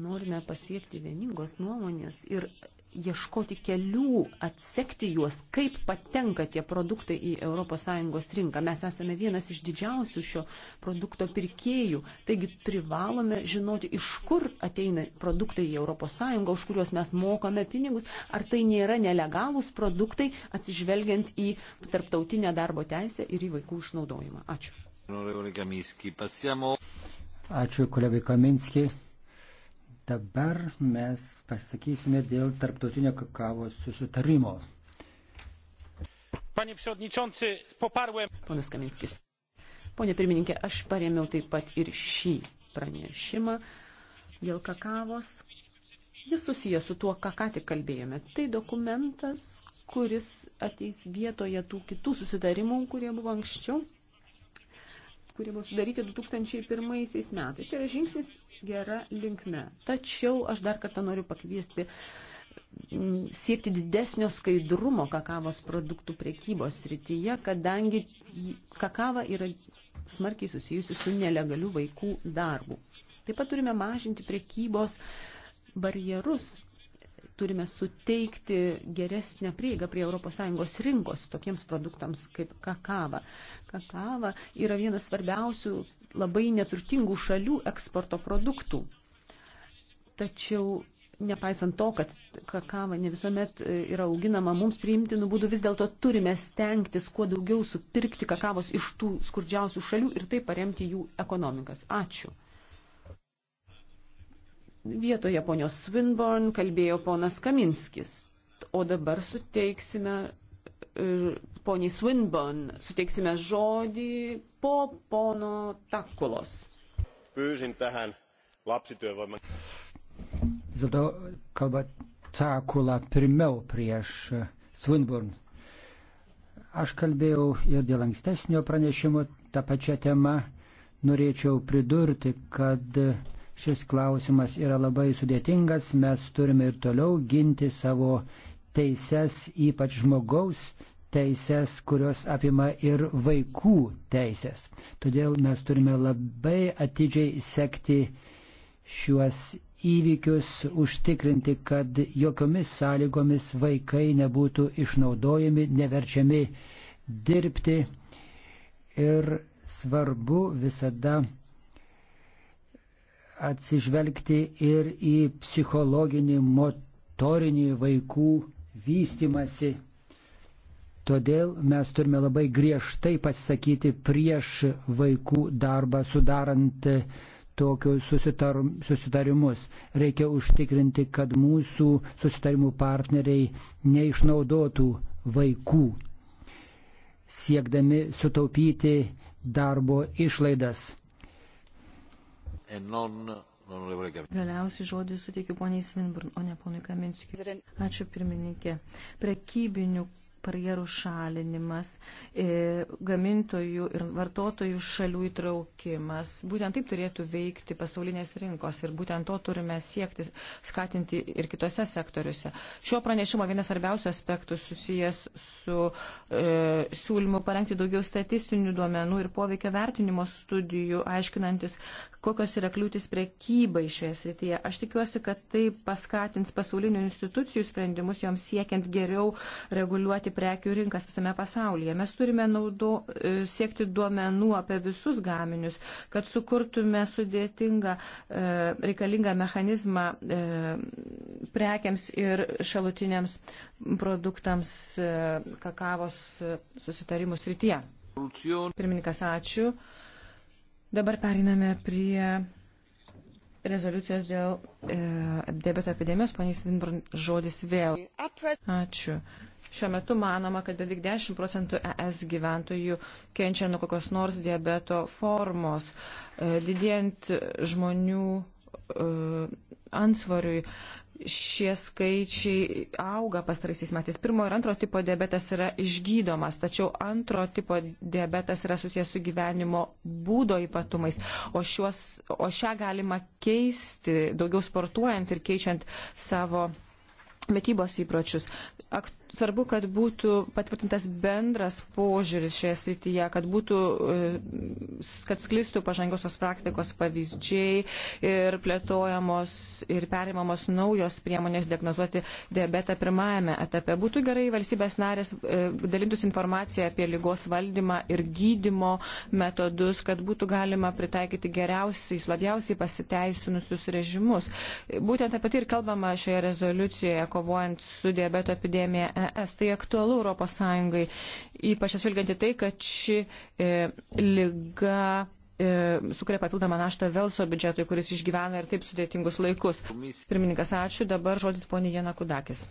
[SPEAKER 3] norime pasiekti vieningos nuomonės ir ieškoti kelių, atsekti juos, kaip patenka tie produktai į ES rinką. Mes esame vienas iš didžiausių šio produkto pirkėjų, taigi privalome žinoti, iš kur ateina produktai į ES, už kuriuos mes mokame pinigus, ar tai nėra nelegalūs produktai, atsižvelgiant į tarptautinę darbo teisę ir į vaikų išnaudojimą. Ačiū.
[SPEAKER 1] Ačiū kolegai Kaminski. Dabar mes pasakysime dėl tarptautinio kakavos susitarimo.
[SPEAKER 4] Panie Przewodniczący, poparłem. Ponas Kaminskis.
[SPEAKER 3] Pone pirmininkė, aš paremiau taip pat ir šį pranešimą dėl kakavos. Jis susijęs su tuo, ką ką tik kalbėjome. Tai dokumentas, kuris ateis vietoje tų kitų susitarimų, kurie buvo anksčiau, kurie buvo sudaryti 2001 metais. Tai yra žingsnis gera linkme. Tačiau aš dar kartą noriu pakviesti siekti didesnio skaidrumo kakavos produktų priekybos srityje, kadangi kakava yra smarkiai susijusi su nelegaliu vaikų darbu. Taip pat turime mažinti priekybos barjerus, turime suteikti geresnę prieigą prie ES rinkos tokiems produktams kaip kakava. Kakava yra vienas svarbiausių labai neturtingų šalių eksporto produktų. Tačiau nepaisant to, kad kakava ne visuomet e, yra auginama mums priimtinų būdų, vis dėlto turime stengtis kuo daugiau supirkti kakavos iš tų skurdžiausių šalių ir taip paremti jų ekonomikas. Ačiū. Vietoje ponios Swinburne kalbėjo ponas Kaminskis, o dabar suteiksime e, poniai Swinburne, suteiksime žodį po pono Takkulos.
[SPEAKER 5] Pyysin tähän lapsityövoiman.
[SPEAKER 1] Zato kalba Takula pirmiau prieš Swinburne. Aš kalbėjau ir dėl ankstesnio pranešimo tą pačią temą. Norėčiau pridurti, kad šis klausimas yra labai sudėtingas. Mes turime ir toliau ginti savo teises, ypač žmogaus teises, kurios apima ir vaikų teises. Todėl mes turime labai atidžiai sekti šiuos įvykius, užtikrinti, kad jokiomis sąlygomis vaikai nebūtų išnaudojami, neverčiami dirbti. Ir svarbu visada atsižvelgti ir į psichologinį, motorinį vaikų vystimasi Todėl mes turime labai griežtai pasisakyti prieš vaikų darbą sudarant e, tokius susitar, susitarimus. Reikia užtikrinti, kad mūsų susitarimų partneriai neišnaudotų vaikų, siekdami sutaupyti darbo išlaidas.
[SPEAKER 5] Non, non
[SPEAKER 4] Galiausiai žodį suteikiu poniai Svinburn, o ne ponui Kaminskiui. Ačiū pirmininkė. Prekybinių barjerų šalinimas, e, gamintojų ir vartotojų šalių įtraukimas. Būtent taip turėtų veikti pasaulinės rinkos ir būtent to turime siekti, skatinti ir kitose sektoriuose. Šio pranešimo vienas svarbiausių aspektų susijęs su e, siūlymu parengti daugiau statistinių duomenų ir poveikio vertinimo studijų, aiškinantis, kokios yra kliūtis prekybai šioje srityje. Aš tikiuosi, kad tai paskatins pasaulinių institucijų sprendimus, joms siekiant geriau reguliuoti prekių rinkas visame pasaulyje. Mes turime naudo, e, siekti duomenų apie visus gaminius, kad sukurtume sudėtingą e, reikalingą mechanizmą e, prekiams ir šalutiniams produktams kakavos susitarimų srityje. Pirmininkas, ačiū. Dabar periname prie rezoliucijos dėl e, debeto epidemijos. Panys Vinbrun, žodis vėl. Ačiū. Šiuo metu manoma, kad beveik 10 procentų ES gyventojų kenčia nuo kokios nors diabeto formos. E, didėjant žmonių e, ansvariui šie skaičiai auga pastaraisiais metais. Pirmo ir antro tipo diabetas yra išgydomas, tačiau antro tipo diabetas yra susijęs su gyvenimo būdo ypatumais, o, šiuos, o šią galima keisti daugiau sportuojant ir keičiant savo. Metybos įpročius. Ak, svarbu, kad būtų patvirtintas bendras požiūris šioje srityje, kad, būtų, e, kad sklistų pažangiosios praktikos pavyzdžiai ir plėtojamos ir perimamos naujos priemonės diagnozuoti diabetą pirmajame etape. Būtų gerai valstybės narės e, dalintus informaciją apie lygos valdymą ir gydimo metodus, kad būtų galima pritaikyti geriausiais, labiausiai pasiteisinusius režimus. Būtent apie tai ir kalbama šioje rezoliucijoje, kovojant su diabeto epidemija ES. Tai aktualu ES, ypač atsvilgiant į tai, kad ši e, lyga e, sukuria papildomą naštą Velso biudžetui, kuris išgyvena ir taip sudėtingus laikus. Pirmininkas, ačiū. Dabar žodis ponė Jena Kudakis.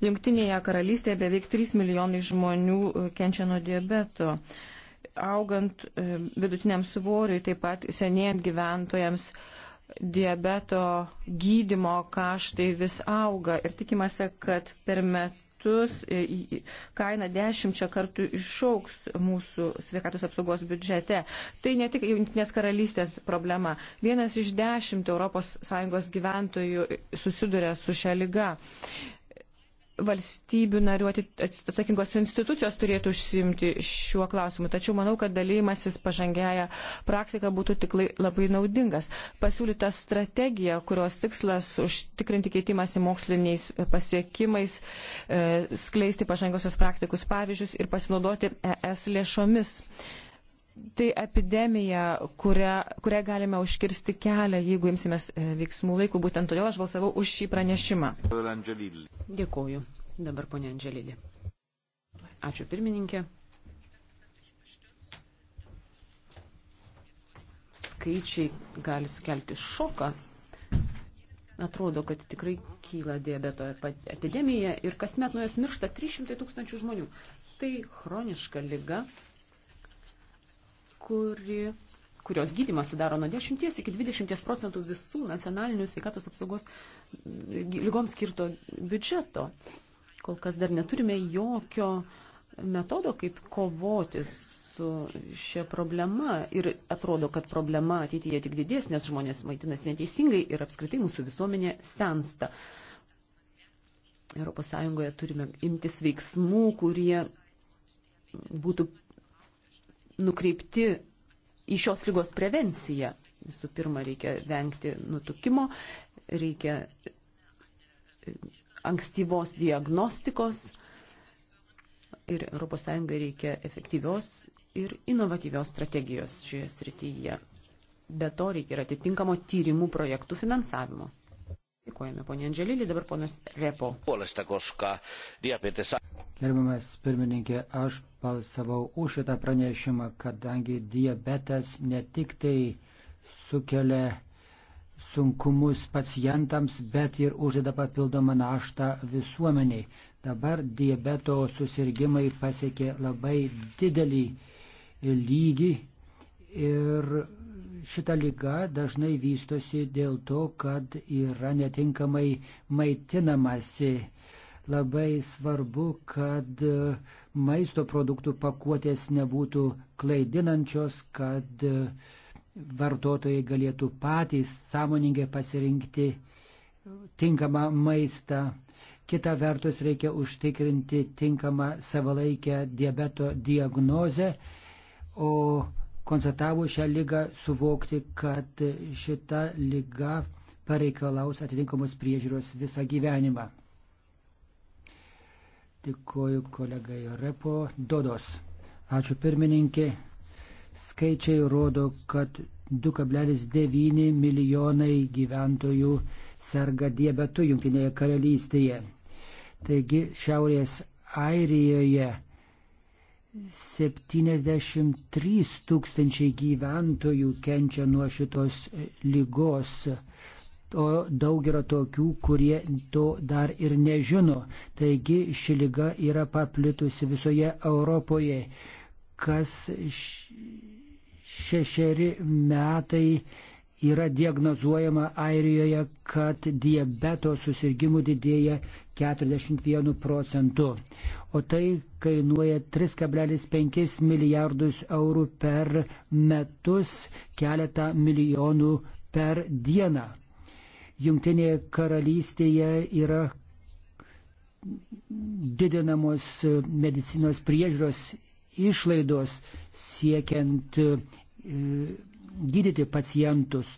[SPEAKER 4] Junktinėje karalystėje beveik 3 milijonai žmonių e, kenčia nuo diabeto. Augant e, vidutiniam svoriui, taip pat senėjant gyventojams, uh, diabeto gydimo kaštai vis auga ir tikimasi, kad per metus e, kaina dešimčia kartų išauks mūsų sveikatos apsaugos biudžete. Tai ne tik Junktinės karalystės problema. Vienas iš dešimt ES gyventojų susiduria su šia lyga valstybių narių atsakingos institucijos turėtų užsimti šiuo klausimu. Tačiau manau, kad dalymasis pažangiaja praktika būtų tik labai naudingas. Pasiūlyta strategija, kurios tikslas užtikrinti keitimąsi moksliniais pasiekimais, e, skleisti pažangiosios praktikus pavyzdžius ir pasinaudoti ES lėšomis tai epidemija, kurią, kurią galime užkirsti kelią, jeigu imsimės e, veiksmų laikų. Būtent todėl aš balsavau už šį pranešimą. Dėkuoju. Dabar ponė Andželilė.
[SPEAKER 3] Ačiū pirmininkė. Skaičiai gali sukelti šoką. Atrodo, kad tikrai kyla diabeto epidemija ir kasmet nuo jos miršta 300 tūkstančių žmonių. Tai chroniška lyga kuri, kurios gydimas sudaro nuo 10 iki 20 procentų visų nacionalinių sveikatos apsaugos mm, lygoms skirto biudžeto. Kol kas dar neturime jokio metodo, kaip kovoti su šia problema ir atrodo, kad problema ateityje tik didės, nes žmonės maitinasi neteisingai ir apskritai mūsų visuomenė sensta. ES turime imtis veiksmų, kurie būtų nukreipti į šios lygos prevenciją. Visų pirma, reikia vengti nutukimo, reikia e, ankstyvos diagnostikos ir ES reikia efektyvios ir inovatyvios strategijos šioje srityje. Be to reikia ir atitinkamo tyrimų projektų finansavimo.
[SPEAKER 1] Dėkojame ponė Andželėlį,
[SPEAKER 3] dabar ponas
[SPEAKER 5] Repo. Puolesta, koska diabetes.
[SPEAKER 1] Gerbiamas pirmininkė, aš balsavau už šitą pranešimą, kadangi diabetas ne tik tai sukelia sunkumus pacientams, bet ir uždeda papildomą naštą visuomeniai. Dabar diabeto susirgymai pasiekė labai didelį lygį Ir šita lyga dažnai vystosi dėl to, kad yra netinkamai maitinamasi. Labai svarbu, kad maisto produktų pakuotės nebūtų klaidinančios, kad vartotojai galėtų patys sąmoningai pasirinkti tinkamą maistą. Kita vertus reikia užtikrinti tinkamą savalaikę diabeto diagnozę, o konstatavo šią lygą, suvokti, kad šita lyga pareikalaus atitinkamos priežiūros visą gyvenimą. Dėkuoju kolegai Repo Dodos. Ačiū pirmininkė. Skaičiai rodo, kad 2,9 milijonai gyventojų serga diabetu Junktinėje karalystėje. Taigi Šiaurės Airijoje 73 tūkstančiai gyventojų kenčia nuo šitos lygos. O daug yra tokių, kurie to dar ir nežino. Taigi ši lyga yra paplitusi visoje Europoje. Kas šešeri metai yra diagnozuojama Airijoje, kad diabeto susirgymų didėja 41 procentu. O tai kainuoja 3,5 milijardus eurų per metus, keletą milijonų per dieną. Jungtinėje karalystėje yra didinamos medicinos priežiūros išlaidos siekiant e, gydyti pacientus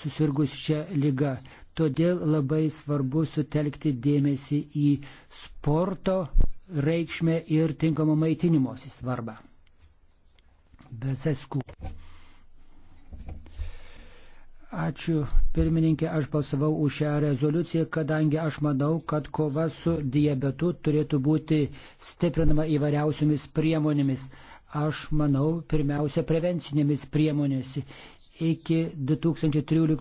[SPEAKER 1] susirgus šią lygą. Todėl labai svarbu sutelkti dėmesį į sporto reikšmę ir tinkamą maitinimosi svarbą. Besesku. Ačiū pirmininkė, aš balsavau už šią rezoliuciją, kadangi aš manau, kad kova su diabetu turėtų būti stiprinama įvairiausiomis priemonėmis. Aš manau, pirmiausia, prevencinėmis priemonėmis. Iki 2013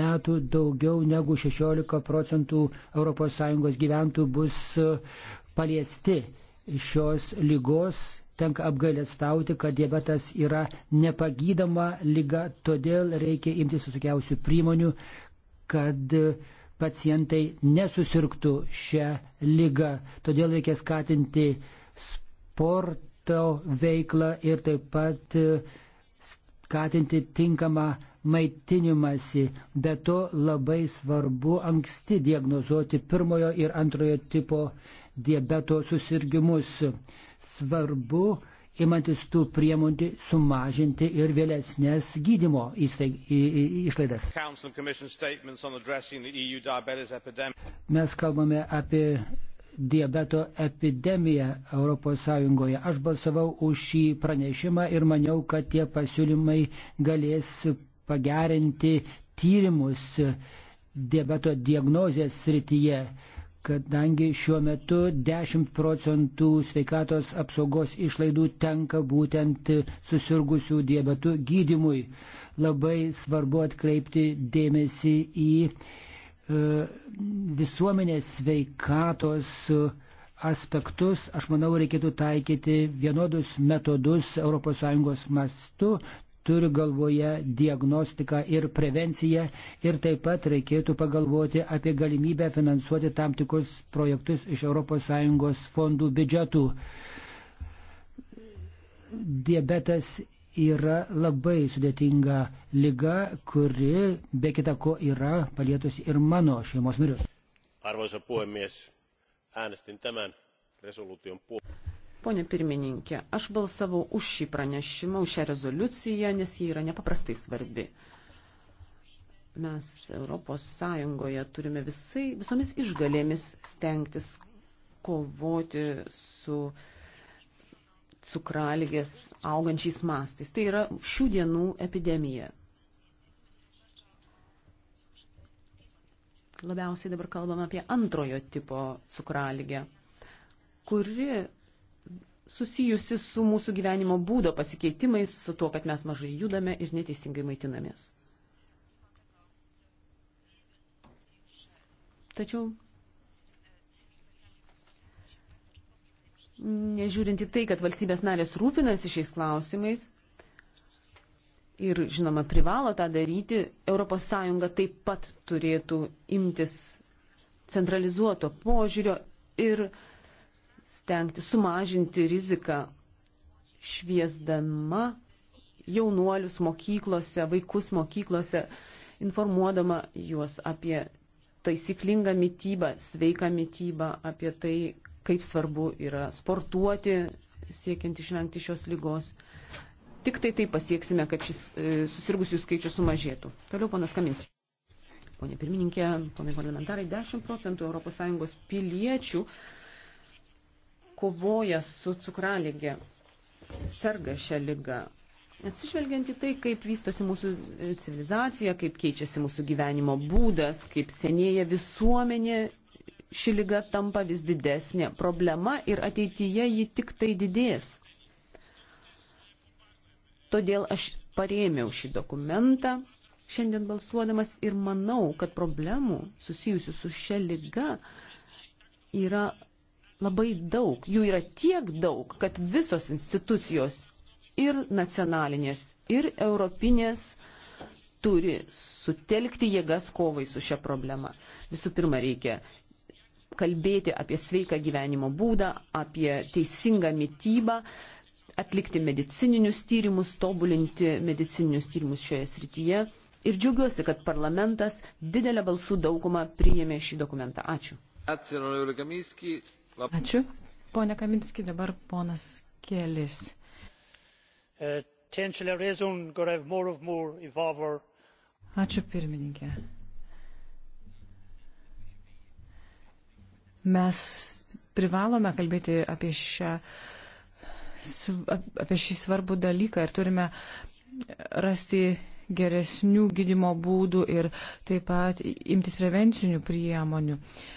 [SPEAKER 1] metų daugiau negu 16 procentų ES gyventojų bus paliesti šios lygos. Tenka apgailestauti, kad diabetas yra nepagydama lyga, todėl reikia imtis visokiausių priemonių, kad pacientai nesusirgtų šią lygą. Todėl reikia skatinti sporto veiklą ir taip pat e, skatinti tinkamą maitinimąsi, bet to labai svarbu anksti diagnozuoti pirmojo ir antrojo tipo diabeto susirgymus. Svarbu imantis tų priemonių sumažinti ir vėlesnės gydimo įstaig, į, į, išlaidas. E Mes kalbame apie diabeto epidemiją ES. Aš balsavau už šį pranešimą ir maniau, kad tie pasiūlymai galės pagerinti tyrimus diabeto diagnozės srityje kadangi šiuo metu 10 procentų sveikatos apsaugos išlaidų tenka būtent susirgusių diabetų gydimui. Labai svarbu atkreipti dėmesį į e, visuomenės sveikatos e, aspektus. Aš manau, reikėtų taikyti vienodus metodus ES mastu, turi galvoje diagnostiką ir prevenciją ir taip pat reikėtų pagalvoti apie galimybę finansuoti tam tikrus projektus iš ES fondų biudžetų. Diabetas yra labai sudėtinga lyga, kuri be kita ko yra palietusi ir mano šeimos
[SPEAKER 5] narius. Arvoisa puhemies, äänestin tämän resoluution puolesta.
[SPEAKER 3] Pone pirmininkė, aš balsavau už šį pranešimą, už šią rezoliuciją, nes ji yra nepaprastai svarbi. Mes ES turime visai, visomis išgalėmis stengtis kovoti su cukraligės augančiais mastais. Tai yra šių dienų epidemija. Labiausiai dabar kalbam apie antrojo tipo cukraligę, kuri susijusi su mūsų gyvenimo būdo pasikeitimais, su tuo, kad mes mažai judame ir neteisingai maitinamės. Tačiau Nežiūrinti tai, kad valstybės narės rūpinasi šiais klausimais ir, žinoma, privalo tą daryti, ES taip pat turėtų imtis centralizuoto požiūrio ir stengti sumažinti riziką šviesdama jaunuolius mokyklose, vaikus mokyklose, informuodama juos apie taisyklingą mytybą, sveiką mytybą, apie tai, kaip svarbu yra sportuoti, siekiant išvengti šios lygos. Tik tai tai pasieksime, kad šis e, susirgusių skaičius sumažėtų. Toliau ponas Kamins. Pone pirmininkė, ponai parlamentarai, 10 procentų ES piliečių uh, kovoja su cukraligė, serga šią ligą. Atsižvelgiant į tai, kaip vystosi mūsų e, civilizacija, kaip keičiasi mūsų gyvenimo būdas, kaip senėja visuomenė, ši lyga tampa vis didesnė problema ir ateityje ji tik tai didės. Todėl aš parėmiau šį dokumentą šiandien balsuodamas ir manau, kad problemų susijusių su šia lyga yra labai daug, jų yra tiek daug, kad visos institucijos ir nacionalinės, ir europinės turi sutelkti jėgas kovai su šia problema. Visų pirma, reikia kalbėti apie sveiką gyvenimo būdą, apie teisingą mytybą, atlikti medicininius tyrimus, tobulinti medicininius tyrimus šioje srityje. Ir džiaugiuosi, kad parlamentas didelę balsų daugumą priėmė šį dokumentą. Ačiū.
[SPEAKER 1] Ačiū, Ačiū.
[SPEAKER 3] Pone Kaminski, dabar
[SPEAKER 4] ponas Kelis. Uh, Ačiū pirmininkė. Mes privalome kalbėti apie, šią, apie šį svarbų dalyką ir turime rasti geresnių gydimo būdų ir taip pat imtis prevencinių priemonių. Uh,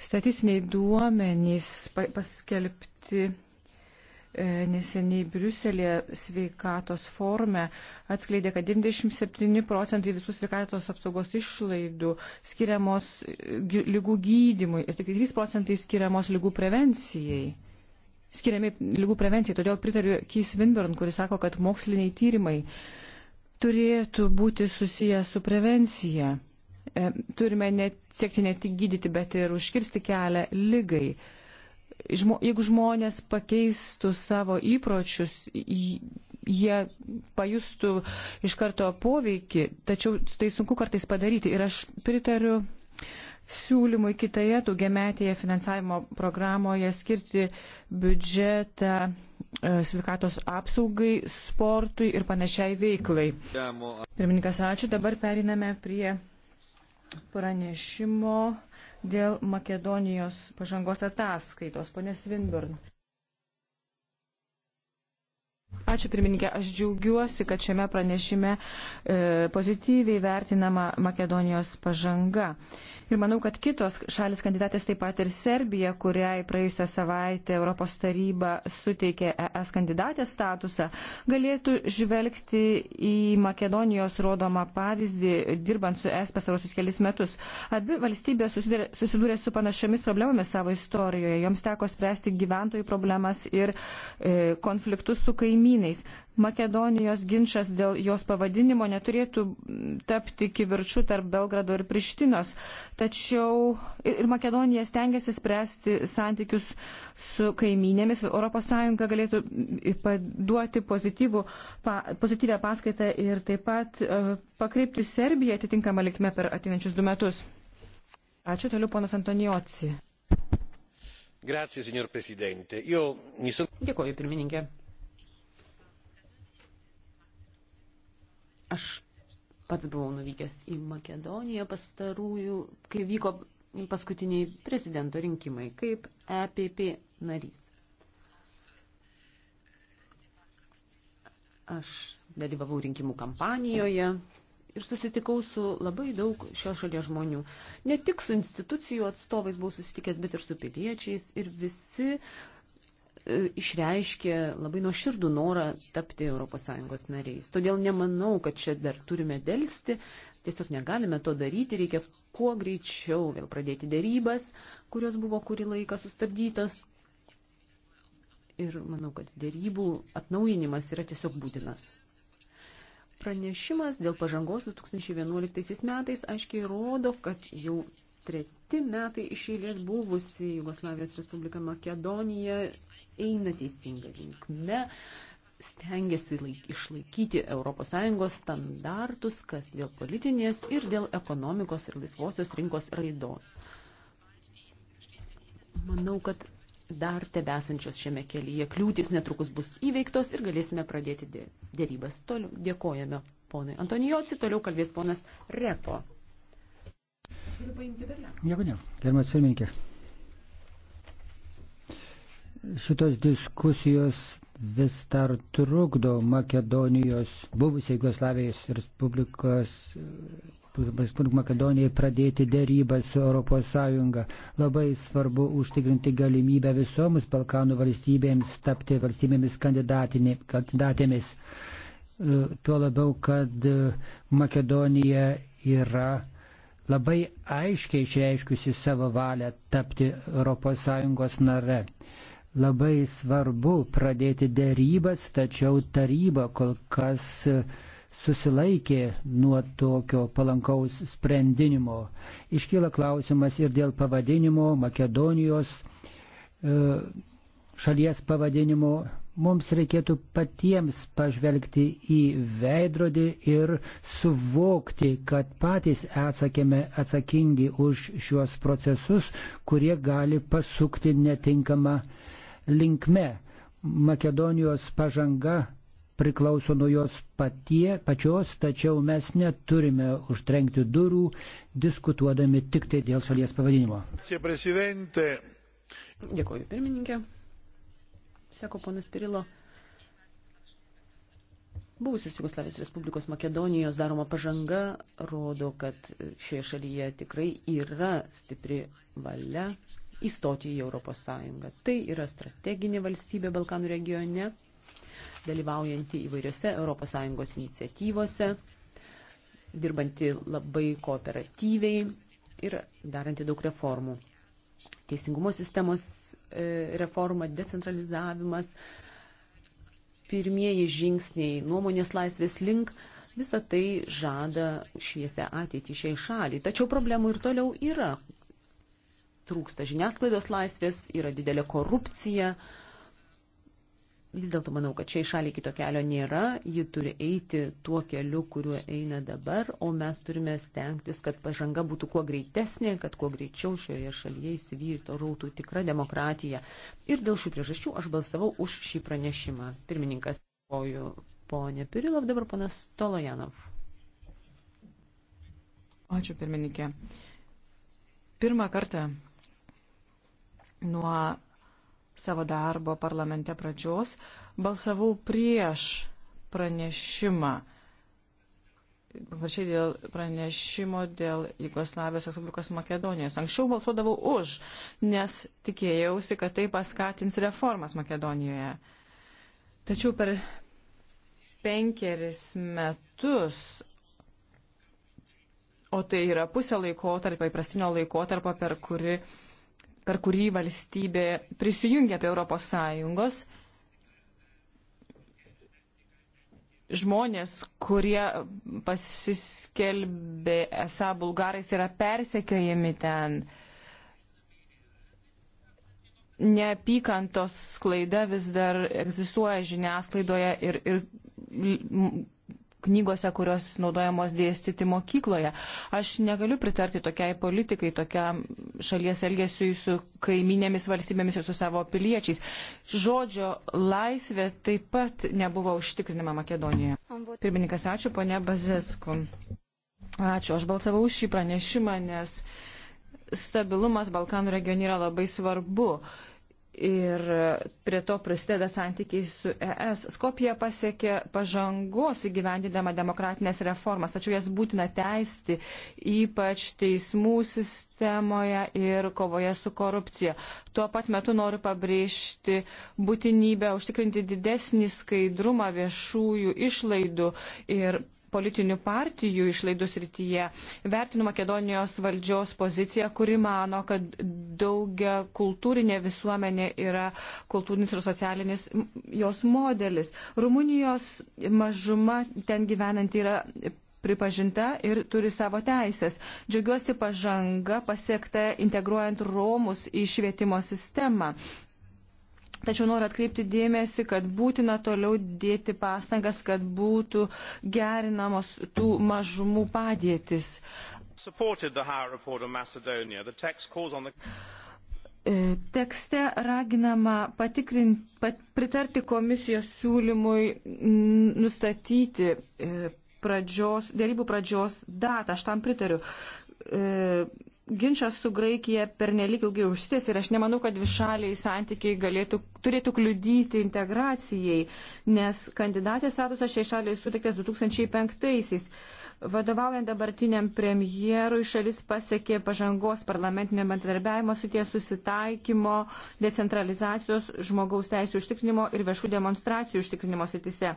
[SPEAKER 4] Statistiniai duomenys paskelbti e, neseniai Briuselėje sveikatos forme atskleidė, kad 97 procentai visų sveikatos apsaugos išlaidų skiriamos e, lygų gydimui ir tik 3 procentai skiriamos lygų prevencijai. Skiriami lygų prevencijai, todėl pritariu Keith Winburn, kuris sako, kad moksliniai tyrimai turėtų būti susijęs su prevencija. E, turime ne, siekti ne tik gydyti, bet ir užkirsti kelią lygai. Žmo, jeigu žmonės pakeistų savo įpročius, jie pajustų iš karto poveikį, tačiau tai sunku kartais padaryti. Ir aš pritariu siūlymui kitoje daugiametėje finansavimo programoje skirti biudžetą e, sveikatos apsaugai, sportui ir panašiai veiklai.
[SPEAKER 1] Pirmininkas,
[SPEAKER 4] ačiū. Dabar periname prie pranešimo dėl Makedonijos pažangos ataskaitos. Pone Svinburn. Ačiū pirmininkė, aš džiaugiuosi, kad šiame pranešime e, pozityviai vertinama Makedonijos pažanga. Ir manau, kad kitos šalis kandidatės taip pat ir Serbija, kuriai praėjusią savaitę Europos taryba suteikė ES kandidatės statusą, galėtų žvelgti į Makedonijos rodomą pavyzdį, dirbant su ES pasarosius kelis metus. Abi valstybės susidūrė, susidūrė su panašiomis problemomis savo istorijoje. Joms teko spręsti gyventojų problemas ir e, konfliktus su kaimynais kaimynais. Makedonijos ginčas dėl jos pavadinimo neturėtų tapti kivirčių tarp Belgrado ir Prištinos. Tačiau ir Makedonija stengiasi spręsti santykius su kaiminėmis. ES galėtų duoti pozityvų, pa, pozityvę paskaitą ir taip pat e, pakreipti Serbiją atitinkamą likmę per atinančius du metus. Ačiū toliau, ponas Antonijoci.
[SPEAKER 5] Grazie, signor Presidente. Io mi sono.
[SPEAKER 4] Dėkoju, pirmininkė.
[SPEAKER 3] Aš pats buvau nuvykęs į Makedoniją pastarųjų, kai vyko paskutiniai prezidento rinkimai, kaip EPP narys. Aš dalyvavau rinkimų kampanijoje ir susitikau su labai daug šios šalies žmonių. Ne tik su institucijų atstovais buvau susitikęs, bet ir su piliečiais ir visi uh, E, išreiškė labai nuoširdų norą tapti ES nariais. Todėl nemanau, kad čia dar turime dėlsti, tiesiog negalime to daryti, reikia kuo greičiau vėl pradėti dėrybas, kurios buvo kurį laiką sustabdytos. Ir manau, kad dėrybų atnaujinimas yra tiesiog būtinas. Pranešimas dėl pažangos 2011 metais aiškiai rodo, kad jau treti metai iš eilės buvusi Jugoslavijos Respublika Makedonija eina teisinga linkme stengiasi laik, išlaikyti ES standartus, kas dėl politinės ir dėl ekonomikos ir laisvosios rinkos raidos. Manau, kad dar tebesančios šiame kelyje kliūtis netrukus bus įveiktos ir galėsime pradėti dėrybas. Toliau dėkojame ponui Antonijoci, toliau kalbės ponas Repo
[SPEAKER 4] galiu paimti Berlią.
[SPEAKER 1] Nieko ne, gerbiamas pirmininkė. Šitos diskusijos vis dar trukdo Makedonijos, buvusiai Jugoslavijos Respublikos, Respublikos Makedonijai pradėti dėrybą su ES. Labai svarbu užtikrinti galimybę visoms Balkanų valstybėms tapti valstybėmis kandidatėmis. E, tuo labiau, kad Makedonija yra labai aiškiai išreiškusi savo valią tapti ES nare. Labai svarbu pradėti dėrybas, tačiau taryba kol kas susilaikė nuo tokio palankaus sprendinimo. Iškyla klausimas ir dėl pavadinimo Makedonijos e, šalies pavadinimo mums reikėtų patiems pažvelgti į veidrodį ir suvokti, kad patys atsakėme atsakingi už šiuos procesus, kurie gali pasukti netinkamą linkme. Makedonijos pažanga priklauso nuo jos patie, pačios, tačiau mes neturime užtrenkti durų, diskutuodami tik tai dėl šalies pavadinimo.
[SPEAKER 2] Dėkuoju, pirmininkė
[SPEAKER 3] sako ponas Pirilo, buvusios Jugoslavijos Respublikos Makedonijos daroma pažanga rodo, kad šioje šalyje tikrai yra stipri valia įstoti į Europos Sąjungą. Tai yra strateginė valstybė Balkanų regione, dalyvaujanti įvairiose Europos Sąjungos iniciatyvose, dirbanti labai kooperatyviai ir daranti daug reformų. Teisingumo sistemos E, reforma, decentralizavimas, pirmieji žingsniai nuomonės laisvės link, visa tai žada šviesę ateitį šiai šaliai. Tačiau problemų ir toliau yra. Trūksta žiniasklaidos laisvės, yra didelė korupcija, uh, vis dėlto manau, kad šiai šaliai kito kelio nėra, ji turi eiti tuo keliu, kuriuo eina dabar, o mes turime stengtis, kad pažanga būtų kuo greitesnė, kad kuo greičiau šioje šalyje įsivyrytų rautų tikra demokratija. Ir dėl šių priežasčių aš balsavau už šį pranešimą. Pirmininkas, dėkoju ponė Pirilov, dabar ponas Tolojanov.
[SPEAKER 4] Ačiū pirmininkė. Pirmą kartą nuo savo darbo parlamente pradžios balsavau prieš pranešimą. Paprašiai dėl pranešimo dėl Jugoslavijos Respublikos Makedonijos. Anksčiau balsuodavau už, nes tikėjausi, kad tai paskatins reformas Makedonijoje. Tačiau per penkeris metus, o tai yra pusė laiko tarp įprastinio laiko tarp, per kuri uh, per kurį valstybė prisijungia prie Europos Sąjungos, žmonės, kurie pasiskelbė esą bulgarais, yra persekiojami ten. Neapykantos sklaida vis dar egzistuoja žiniasklaidoje ir, ir knygose, kurios naudojamos dėstyti mokykloje. Aš negaliu pritarti tokiai politikai, tokiam šalies elgesiui su kaiminėmis valstybėmis ir su savo piliečiais. Žodžio laisvė taip pat nebuvo užtikrinama Makedonijoje. Pirmininkas, ačiū, ponia Bazesku. Ačiū, aš balsavau už šį pranešimą, nes stabilumas Balkanų regione yra labai svarbu ir prie to prasideda santykiai su ES. Skopija pasiekė pažangos įgyvendindama demokratinės reformas, tačiau jas būtina teisti, ypač teismų sistemoje ir kovoje su korupcija. Tuo pat metu noriu pabrėžti būtinybę užtikrinti didesnį skaidrumą viešųjų išlaidų ir politinių partijų išlaidų srityje vertinu Makedonijos valdžios poziciją, kuri mano, kad daugia kultūrinė visuomenė yra kultūrinis ir socialinis jos modelis. Rumunijos mažuma ten gyvenanti yra pripažinta ir turi savo teisės. Džiaugiuosi pažanga pasiekta integruojant Romus į švietimo sistemą. Tačiau noriu atkreipti dėmesį, kad būtina toliau dėti pastangas, kad būtų gerinamos tų mažumų padėtis. E, tekste raginama patikrint, pat, pritarti komisijos siūlymui nustatyti e, pradžios, dėrybų pradžios datą. Aš tam pritariu. E, ginčas su Graikija pernelyg ilgai užsitęs ir aš nemanau, kad višaliai santykiai galėtų, turėtų kliudyti integracijai, nes kandidatės statusas šiai šaliai suteiktas 2005-aisiais. Vadovaujant dabartiniam premjerui, šalis pasiekė pažangos parlamentinio bendradarbiavimo su tie susitaikymo, decentralizacijos, žmogaus teisų užtikrinimo ir viešų demonstracijų užtikrinimo sitise.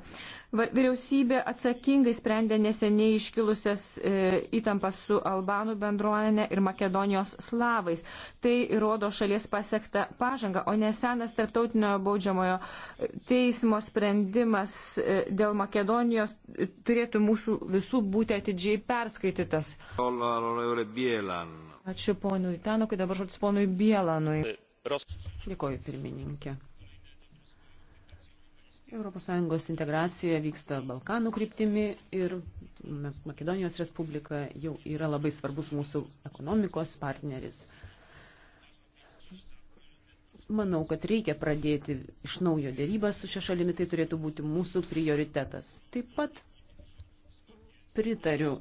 [SPEAKER 4] Vyriausybė atsakingai sprendė neseniai iškilusias e, įtampas su Albanų bendruomenė ir Makedonijos slavais. Tai įrodo šalies pasiektą pažangą, o nesenas tarptautinio baudžiamojo e, teismo sprendimas e, dėl Makedonijos e, turėtų mūsų visų būti atidžiai perskaitytas. Ačiū ponui Tenukui, dabar žodis ponui Bielanui. Dėkoju pirmininkė.
[SPEAKER 3] ES integracija vyksta Balkanų kryptimi ir Makedonijos Respublika jau yra labai svarbus mūsų ekonomikos partneris. Manau, kad reikia pradėti iš naujo dėrybą su šia šalimi, tai turėtų būti mūsų prioritetas. Taip pat pritariu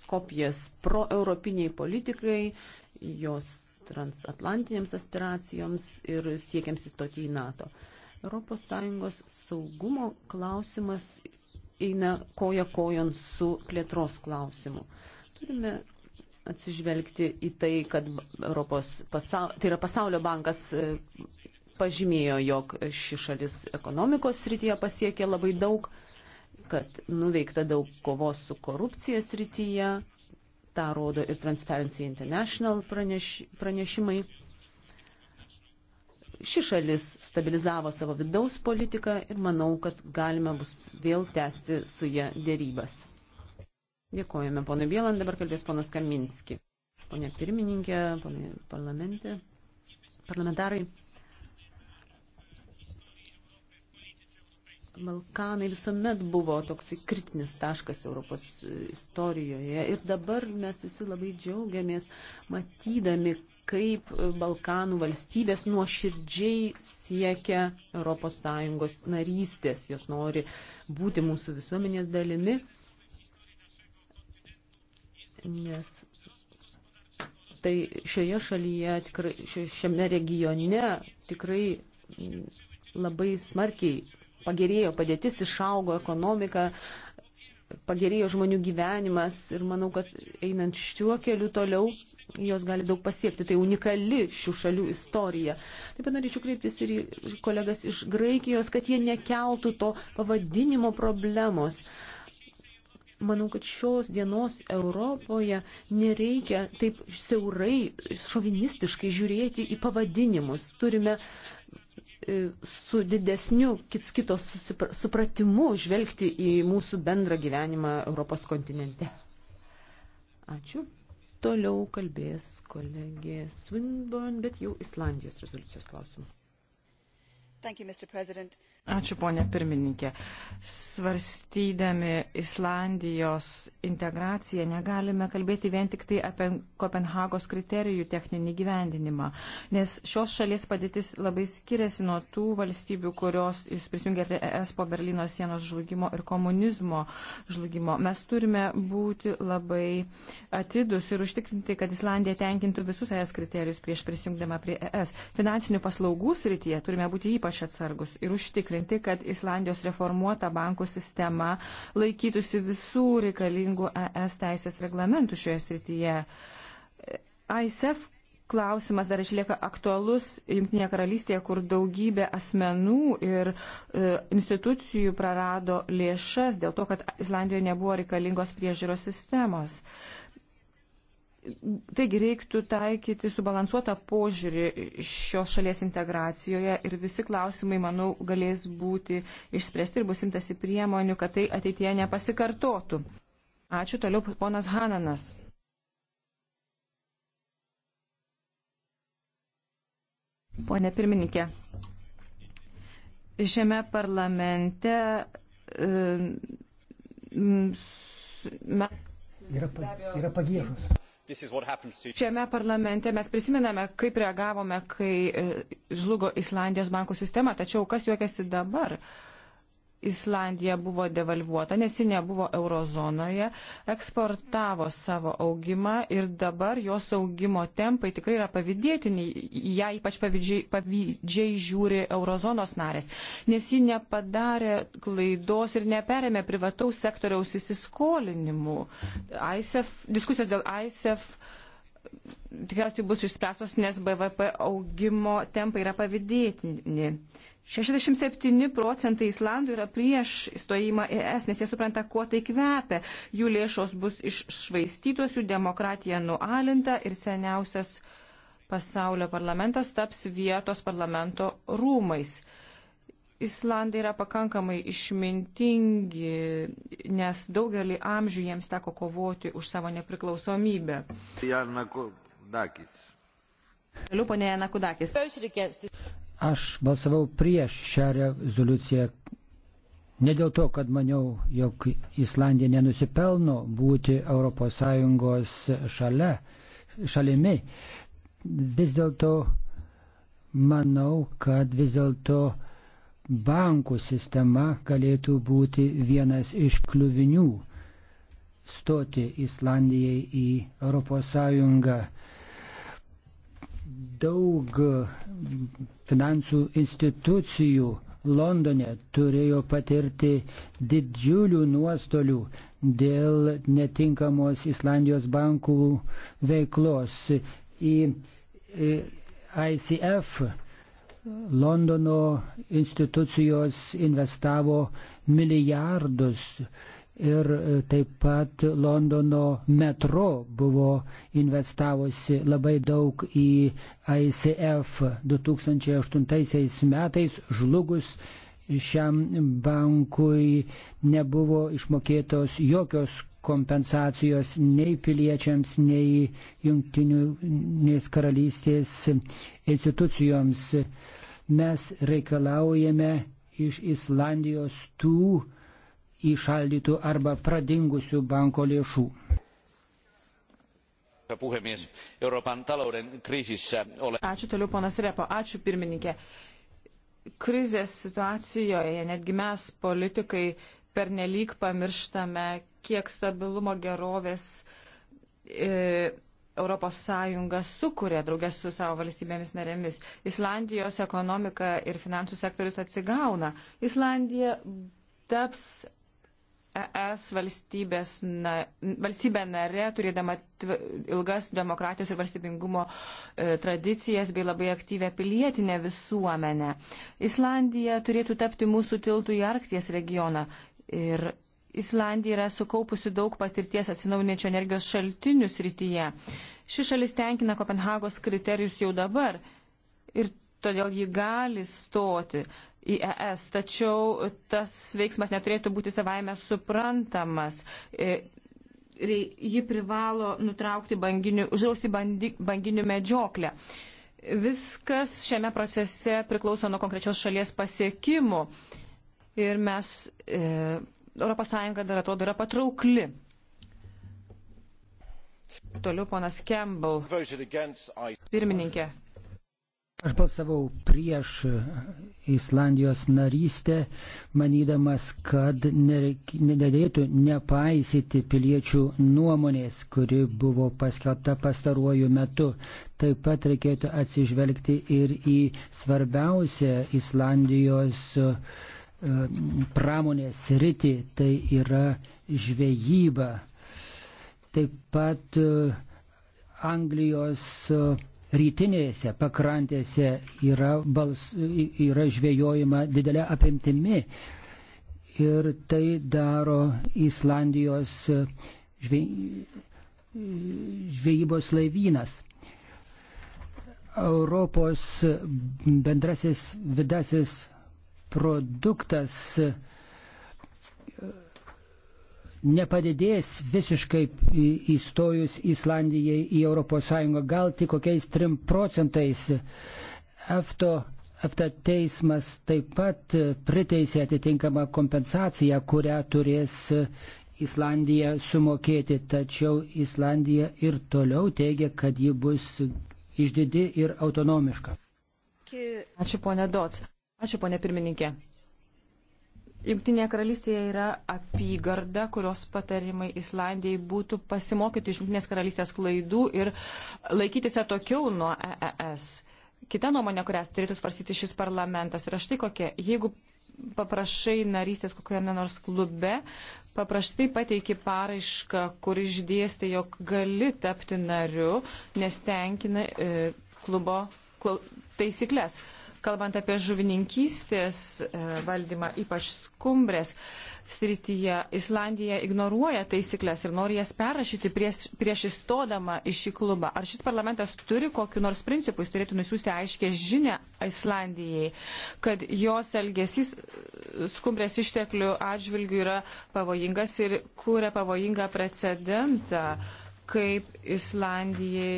[SPEAKER 3] Skopijas proeuropiniai politikai, jos transatlantiniams aspiracijoms ir siekiams įstoti į NATO. ES saugumo klausimas eina koja kojon su plėtros klausimu. Turime atsižvelgti į tai, kad Europos pasaulio, tai yra pasaulio bankas e, pažymėjo, jog ši šalis ekonomikos srityje pasiekė labai daug, kad nuveikta daug kovos su korupcija srityje, tą rodo ir Transparency International praneš, pranešimai ši šalis stabilizavo savo vidaus politiką ir manau, kad galima bus vėl tęsti su ją dėrybas. Dėkojame, ponai Bielan, dabar kalbės ponas Kaminski. Pone pirmininkė, ponai parlamente, parlamentarai. Balkanai visuomet buvo toks kritinis taškas Europos istorijoje ir dabar mes visi labai džiaugiamės matydami, kaip e, Balkanų valstybės nuoširdžiai siekia ES narystės, jos nori būti mūsų visuomenės dalimi, nes tai šioje šalyje, tikrai, šiame regione tikrai labai smarkiai pagerėjo padėtis, išaugo ekonomika, pagerėjo žmonių gyvenimas ir manau, kad einant šiuo keliu toliau jos gali daug pasiekti. Tai unikali šių šalių istorija. Taip pat norėčiau kreiptis ir į kolegas iš Graikijos, kad jie nekeltų to pavadinimo problemos. Manau, kad šios dienos Europoje nereikia taip siaurai, šovinistiškai žiūrėti į pavadinimus. Turime e, su didesniu kits kitos supratimu žvelgti į mūsų bendrą gyvenimą Europos kontinente. Ačiū. Toliau kalbės kolegė
[SPEAKER 4] Swinburne, bet jau Islandijos rezoliucijos klausimų. You, Ačiū, ponė pirmininkė. Svarstydami Islandijos integraciją negalime kalbėti vien tik tai apie Kopenhagos kriterijų techninį gyvendinimą, nes šios šalies padėtis labai skiriasi nuo tų valstybių, kurios jūs prisijungė prie ES po Berlyno sienos žlugimo ir komunizmo žlugimo. Mes turime būti labai atidus ir užtikrinti, kad Islandija tenkintų visus ES kriterijus prieš prisijungdama prie ES. Finansinių paslaugų srityje turime būti ypač ypač atsargus ir užtikrinti, kad Islandijos reformuota bankų sistema laikytųsi visų reikalingų ES teisės reglamentų šioje srityje. ISF e klausimas dar išlieka aktualus Junktinėje karalystėje, kur daugybė asmenų ir e, institucijų prarado lėšas dėl to, kad Islandijoje nebuvo reikalingos priežiūros sistemos. E, Taigi reiktų taikyti subalansuotą požiūrį šios šalies integracijoje ir visi klausimai, manau, galės būti išspręsti ir bus imtasi priemonių, kad tai ateityje nepasikartotų. Ačiū toliau, ponas Hananas. Pone pirmininkė, šiame parlamente e, mes.
[SPEAKER 1] Yra, pa, yra pagėžus. Šiame parlamente
[SPEAKER 4] mes prisimename, kaip reagavome, kai e, žlugo Islandijos bankų sistema, tačiau kas juokiasi dabar? Uh, Islandija buvo devalvuota, nes ji nebuvo eurozonoje, eksportavo savo augimą ir dabar jos augimo tempai tikrai yra pavydėtiniai, ją ypač pavydžiai, pavydžiai žiūri eurozonos narės, nes ji nepadarė klaidos ir neperėmė privataus sektoriaus įsiskolinimų. ISF, diskusijos dėl ISF tikriausiai bus išspręstos, nes BVP augimo tempai yra pavydėtini. 67 procentai Islandų yra prieš įstojimą į ES, nes jie supranta, kuo tai kvepia. Jų lėšos bus iššvaistytos, jų demokratija nualinta ir seniausias pasaulio parlamentas taps vietos parlamento rūmais. Islandai yra pakankamai išmintingi, nes daugelį amžių jiems teko kovoti už savo nepriklausomybę.
[SPEAKER 5] Toliau
[SPEAKER 4] ponė Janakudakis
[SPEAKER 1] Aš balsavau prieš šią rezoliuciją ne dėl to, kad maniau, jog Islandija nenusipelno būti ES šalia, šalimi. Vis dėlto manau, kad vis dėlto bankų sistema galėtų būti vienas iš kliuvinių stoti Islandijai į ES daug e, finansų institucijų Londone turėjo patirti didžiulių nuostolių dėl netinkamos Islandijos bankų veiklos. Į ICF Londono institucijos investavo milijardus ir e, taip pat Londono metro buvo investavusi labai daug į ICF 2008 metais žlugus. Šiam bankui nebuvo išmokėtos jokios kompensacijos nei piliečiams, nei jungtinės karalystės institucijoms. Mes reikalaujame iš Islandijos tų, įšaldytų arba pradingusių banko lėšų.
[SPEAKER 5] Ačiū
[SPEAKER 4] toliau, ponas Repo. Ačiū pirmininkė. Krizės situacijoje netgi mes, politikai, pernelyg pamirštame, kiek stabilumo gerovės e, Europos Sąjunga sukuria draugės su savo valstybėmis narėmis. Islandijos ekonomika ir finansų sektorius atsigauna. Islandija taps ES valstybės na, valstybė narė, turėdama ilgas demokratijos ir valstybingumo e, tradicijas bei labai aktyvę pilietinę visuomenę. Islandija turėtų tapti mūsų tiltų į Arkties regioną. Ir Islandija yra sukaupusi daug patirties atsinaujinančio energijos šaltinių srityje. Ši šalis tenkina Kopenhagos kriterijus jau dabar ir todėl ji gali stoti į ES, tačiau tas veiksmas neturėtų būti savaime suprantamas. E, ji privalo nutraukti banginių, uždrausti banginių medžioklę. Viskas šiame procese priklauso nuo konkrečios šalies pasiekimų ir mes, e, ES dar atrodo, yra patraukli. Toliau ponas Campbell. Pirmininkė.
[SPEAKER 1] Aš balsavau prieš Islandijos narystę, manydamas, kad nedėlėtų nepaisyti piliečių nuomonės, kuri buvo paskelbta pastaruoju metu. Taip pat reikėtų atsižvelgti ir į svarbiausią Islandijos e, pramonės sritį, tai yra žvejyba. Taip pat e, Anglijos e, rytinėse pakrantėse yra, bals, yra žvėjojama didelė apimtimi. Ir tai daro Islandijos žvej, žvejybos laivynas. Europos bendrasis vidasis produktas nepadidės visiškai įstojus Islandijai į ES, gal tik kokiais 3 procentais. EFTO EFTA teismas taip pat priteisė atitinkamą kompensaciją, kurią turės Islandija sumokėti, tačiau Islandija ir toliau teigia, kad ji bus išdidi ir autonomiška.
[SPEAKER 4] Ačiū ponė Dots. Ačiū ponė pirmininkė. Junktinėje karalystėje yra apygarda, kurios patarimai Islandijai būtų pasimokyti iš Junktinės karalystės klaidų ir laikytis atokiau nuo EES. Kita nuomonė, kurią turėtų svarstyti šis parlamentas, yra štai kokia. Jeigu paprašai narystės kokiame nors klube, paprastai pateiki paraišką, kur išdėstė, jog gali tapti nariu, nes tenkina e, klubo taisyklės kalbant apie žuvininkystės e, valdymą, ypač skumbrės srityje, Islandija ignoruoja taisyklės ir nori jas perrašyti prieš, prieš įstodama į šį klubą. Ar šis parlamentas turi kokiu nors principu, jis turėtų nusiųsti aiškę žinę Islandijai, kad jos elgesys skumbrės išteklių atžvilgių yra pavojingas ir kūrė pavojingą precedentą kaip Islandijai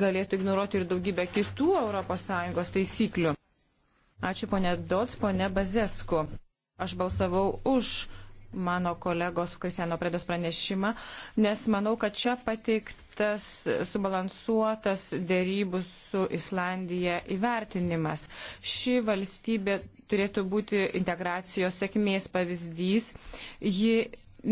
[SPEAKER 4] galėtų ignoruoti ir daugybę kitų ES taisyklių. Ačiū ponė Dots, ponė Bazesku. Aš balsavau už mano kolegos Kristiano Predos pranešimą, nes manau, kad čia pateiktas subalansuotas dėrybų su Islandija įvertinimas. Ši valstybė turėtų būti integracijos sėkmės pavyzdys. Ji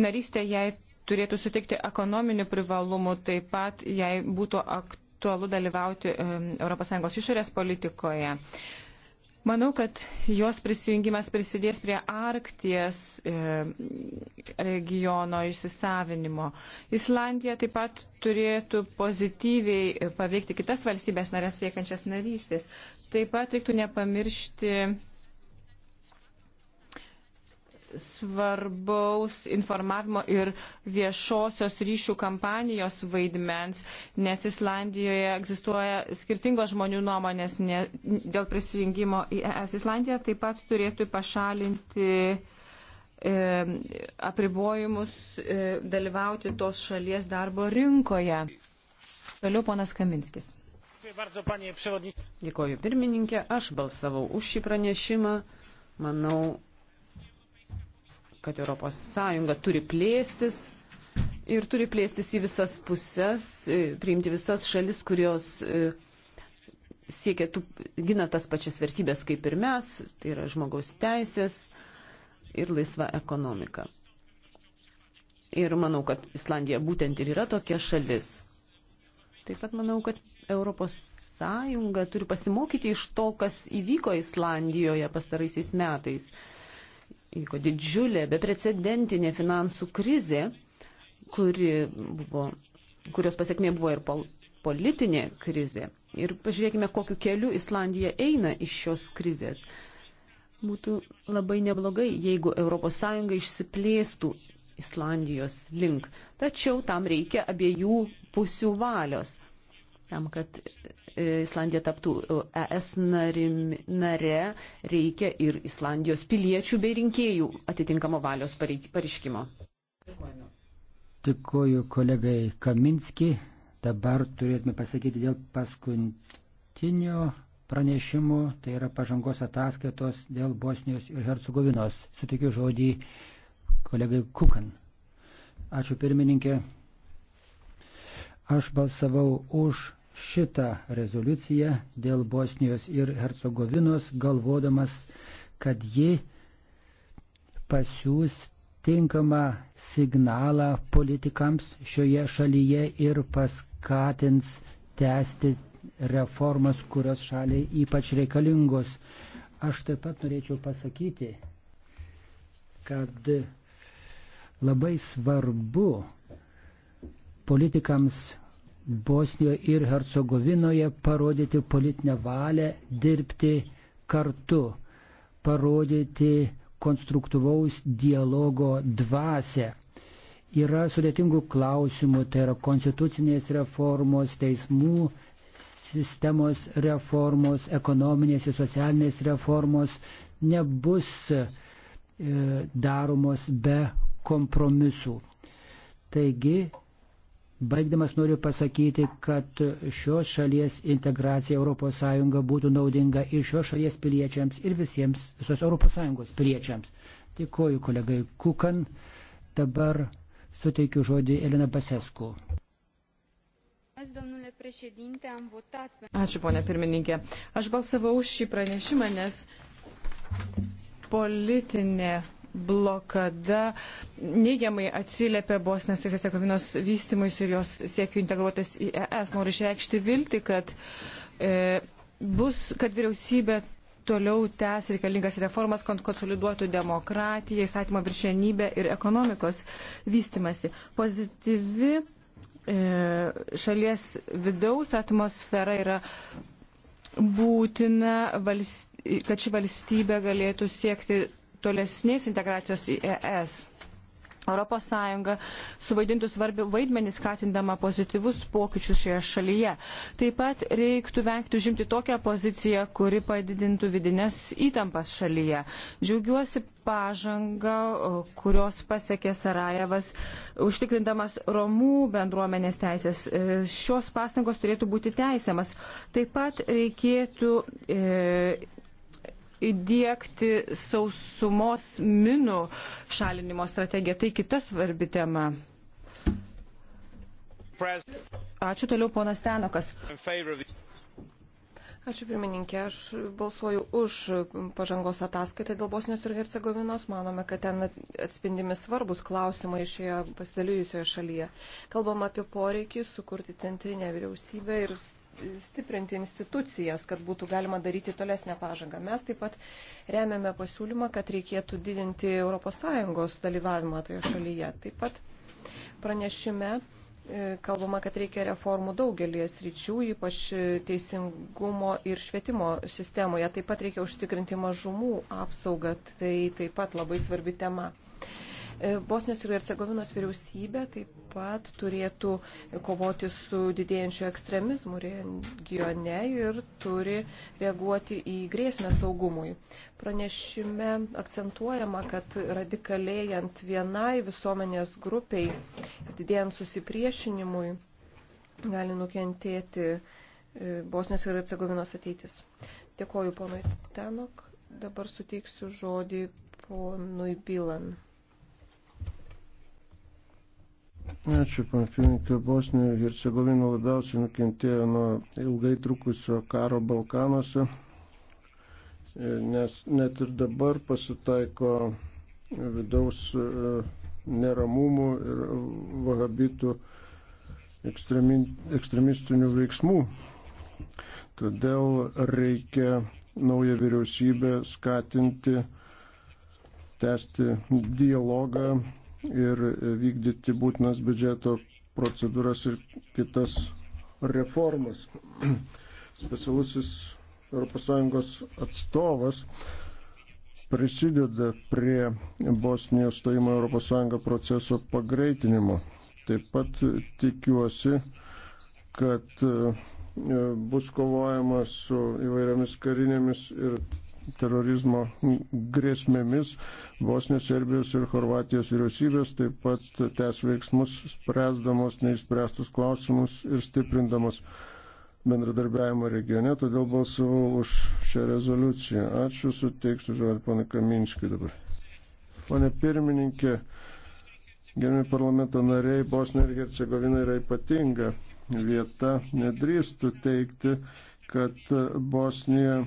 [SPEAKER 4] narystė jai turėtų suteikti ekonominių privalumų, taip pat jai būtų ak aktualu dalyvauti ES išorės politikoje. Manau, kad jos prisijungimas prisidės prie Arkties regiono įsisavinimo. Islandija taip pat turėtų pozityviai paveikti kitas valstybės narės siekiančias narystės. Taip pat reiktų nepamiršti svarbaus informavimo ir viešosios ryšių kampanijos vaidmens, nes Islandijoje egzistuoja skirtingos žmonių nuomonės ne, dėl prisijungimo į ES. Islandija taip pat turėtų pašalinti e, apribojimus e, dalyvauti tos šalies darbo rinkoje. Toliau ponas Kaminskis.
[SPEAKER 3] Dėkoju pirmininkė, aš balsavau už šį pranešimą. Manau, kad ES turi plėstis ir turi plėstis į visas puses, e, priimti visas šalis, kurios e, siekia, tų, gina tas pačias vertybės kaip ir mes, tai yra žmogaus teisės ir laisva ekonomika. Ir manau, kad Islandija būtent ir yra tokia šalis. Taip pat manau, kad Europos Sąjunga turi pasimokyti iš to, kas įvyko Islandijoje pastaraisiais metais įko didžiulė, beprecedentinė finansų krizė, kuri buvo, kurios pasiekmė buvo ir pol, politinė krizė. Ir pažiūrėkime, kokiu keliu Islandija eina iš šios krizės. Būtų labai neblogai, jeigu ES išsiplėstų Islandijos link. Tačiau tam reikia abiejų pusių valios, tam, kad Islandija taptų ES e narim, nare, reikia ir Islandijos piliečių bei rinkėjų atitinkamo valios pareiškimo.
[SPEAKER 1] Tikoju kolegai Kaminski. Dabar turėtume pasakyti dėl paskutinio pranešimo, tai yra pažangos ataskaitos dėl Bosnijos ir Hercegovinos. Sutikiu žodį kolegai Kukan. Ačiū pirmininkė. Aš balsavau už šitą rezoliuciją dėl Bosnijos ir Hercegovinos, galvodamas, kad ji pasiūs tinkamą signalą politikams šioje šalyje ir paskatins tęsti reformas, kurios šaliai ypač reikalingos. Aš taip pat norėčiau pasakyti, kad labai svarbu politikams Bosnijoje ir Hercegovinoje parodyti politinę valią dirbti kartu, parodyti konstruktyvaus dialogo dvasę. Yra sudėtingų klausimų, tai yra konstitucinės reformos, teismų sistemos reformos, ekonominės ir socialinės reformos nebus e, daromos be kompromisų. Taigi Baigdamas noriu pasakyti, kad šios šalies integracija ES būtų naudinga ir šios šalies piliečiams, ir visiems, visos ES piliečiams. Dėkuoju kolegai Kukan. Dabar suteikiu žodį Elena Basesku.
[SPEAKER 2] Ačiū,
[SPEAKER 4] ponė pirmininkė. Aš balsavau už šį pranešimą, nes politinė blokada neigiamai atsiliepia Bosnijos ir Hercegovinos vystimui ir jos siekiu integruotis į ES. Noriu išreikšti viltį, kad, e, bus, kad vyriausybė toliau tęs reikalingas reformas, kad konsoliduotų demokratiją, įstatymo viršenybę ir ekonomikos vystimasi. Pozityvi e, šalies vidaus atmosfera yra būtina, kad ši valstybė galėtų siekti tolesnės integracijos į ES. ES suvaidintų svarbių vaidmenį skatindama pozityvus pokyčius šioje šalyje. Taip pat reiktų vengti užimti tokią poziciją, kuri padidintų vidinės įtampas šalyje. Džiaugiuosi pažanga, kurios pasiekė Sarajevas, užtikrindamas Romų bendruomenės teisės. E, šios pastangos turėtų būti teisiamas. Taip pat reikėtų e, įdėkti sausumos minų šalinimo strategiją. Tai kita svarbi tema. Ačiū toliau, ponas Tenokas.
[SPEAKER 2] Ačiū pirmininkė, aš balsuoju už pažangos ataskaitą dėl Bosnijos ir Hercegovinos. Manome, kad ten atspindimi svarbus klausimai šioje pasidalijusioje šalyje. Kalbam apie poreikį sukurti centrinę vyriausybę ir stiprinti institucijas, kad būtų galima daryti tolesnę pažangą. Mes taip pat remiame pasiūlymą, kad reikėtų didinti ES dalyvavimą toje šalyje. Taip pat pranešime e, kalbama, kad reikia reformų daugelį sričių, ypač teisingumo ir švietimo sistemoje. Taip pat reikia užtikrinti mažumų apsaugą, tai taip pat labai svarbi tema. E, Bosnijos ir Hercegovinos vyriausybė taip pat turėtų kovoti su didėjančiu ekstremizmu regione ir turi reaguoti į grėsmę saugumui. Pranešime akcentuojama, kad radikalėjant vienai visuomenės grupiai, didėjant susipriešinimui, gali nukentėti e, Bosnijos ir Hercegovinos ateitis. Dėkoju ponui Tenok. Dabar suteiksiu žodį ponui Bilan.
[SPEAKER 5] Ačiū, panfininkė. Bosnija ir Hercegovina labiausiai nukentėjo nuo ilgai trukusio karo Balkanuose, nes net ir dabar pasitaiko vidaus e, neramumų ir vahabitų ekstremistinių veiksmų. Todėl reikia naują vyriausybę skatinti, tęsti dialogą ir vykdyti būtinas biudžeto procedūras ir kitas reformas. *clears throat* Specialusis ES atstovas prisideda prie Bosnijos stojimo ES proceso pagreitinimo. Taip pat tikiuosi, kad e, bus kovojama su įvairiomis karinėmis ir terorizmo grėsmėmis Bosnijos, Serbijos ir Horvatijos vyriausybės taip pat tęs veiksmus, spręsdamos neįspręstus klausimus ir stiprindamos bendradarbiavimo regione, todėl balsavau už šią rezoliuciją. Ačiū, suteiksiu žodį pana Kaminskį dabar. Pane pirmininkė, gerbimi parlamento nariai, Bosnija ir Hercegovina yra ypatinga vieta. Nedrįstu teikti, kad Bosnija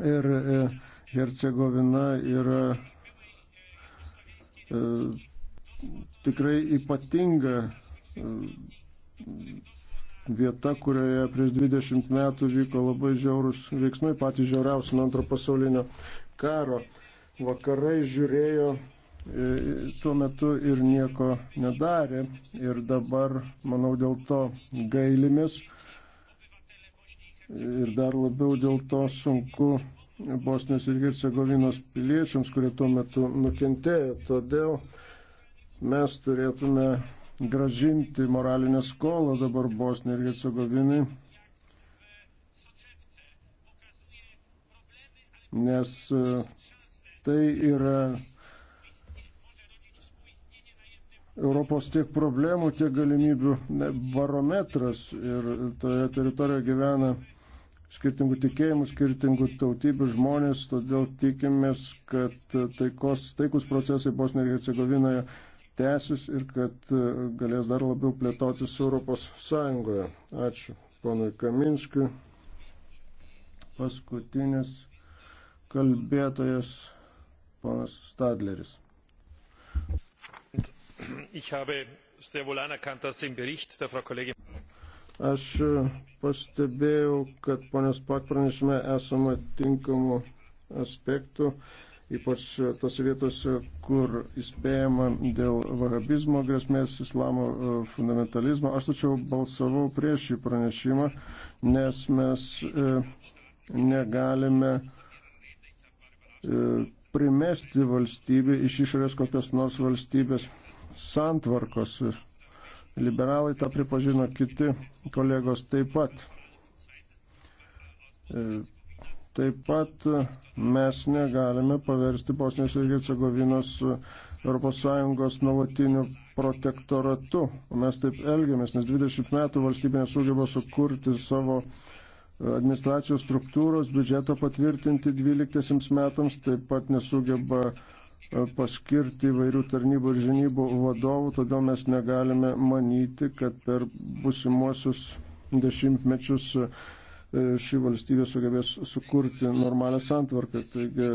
[SPEAKER 5] ir e, Hercegovina yra e, tikrai ypatinga e, vieta, kurioje prieš 20 metų vyko labai žiaurus veiksmai, patys žiauriausi nuo antro pasaulinio karo. Vakarai žiūrėjo e, tuo metu ir nieko nedarė ir dabar, manau, dėl to gailimės ir dar labiau dėl to sunku Bosnijos ir Hercegovinos piliečiams, kurie tuo metu nukentėjo. Todėl mes turėtume gražinti moralinę skolą dabar Bosnijai ir Hercegovinai, nes e, tai yra Europos tiek problemų, tiek galimybių barometras ir toje teritorijoje gyvena skirtingų tikėjimų, skirtingų tautybių žmonės, todėl tikimės, kad taikos, taikus procesai Bosnijoje ir Hercegovinoje tęsis ir kad e, galės dar labiau plėtotis Europos Sąjungoje. Ačiū ponui Kaminskiui. Paskutinis kalbėtojas ponas Stadleris. Ich habe sehr wohl anerkannt, dass im Bericht der Frau Kollegin Aš e, pastebėjau, kad ponios pat pranešime esama tinkamų aspektų, ypač tose vietose, kur įspėjama dėl vahabizmo grėsmės, islamo e, fundamentalizmo. Aš tačiau balsavau prieš šį pranešimą, nes mes e, negalime primesti valstybė iš išorės kokios nors valstybės santvarkos Liberalai tą pripažino, kiti kolegos taip pat. E, taip pat mes negalime paversti Bosnijos ir Hercegovinos ES nuolatiniu protektoratu. Mes taip elgiamės, nes 20 metų valstybė nesugeba sukurti savo administracijos struktūros, biudžeto patvirtinti 12 metams, taip pat nesugeba paskirti įvairių tarnybų ir žinybų vadovų, todėl mes negalime manyti, kad per busimuosius dešimtmečius e, ši valstybė sugebės sukurti normalią santvarką. Taigi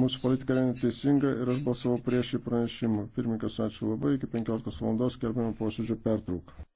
[SPEAKER 5] mūsų politika yra neteisinga ir aš balsavau prieš šį pranešimą. Pirmininkas, ačiū labai. Iki 15 valandos kelbėme posėdžio pertrauką.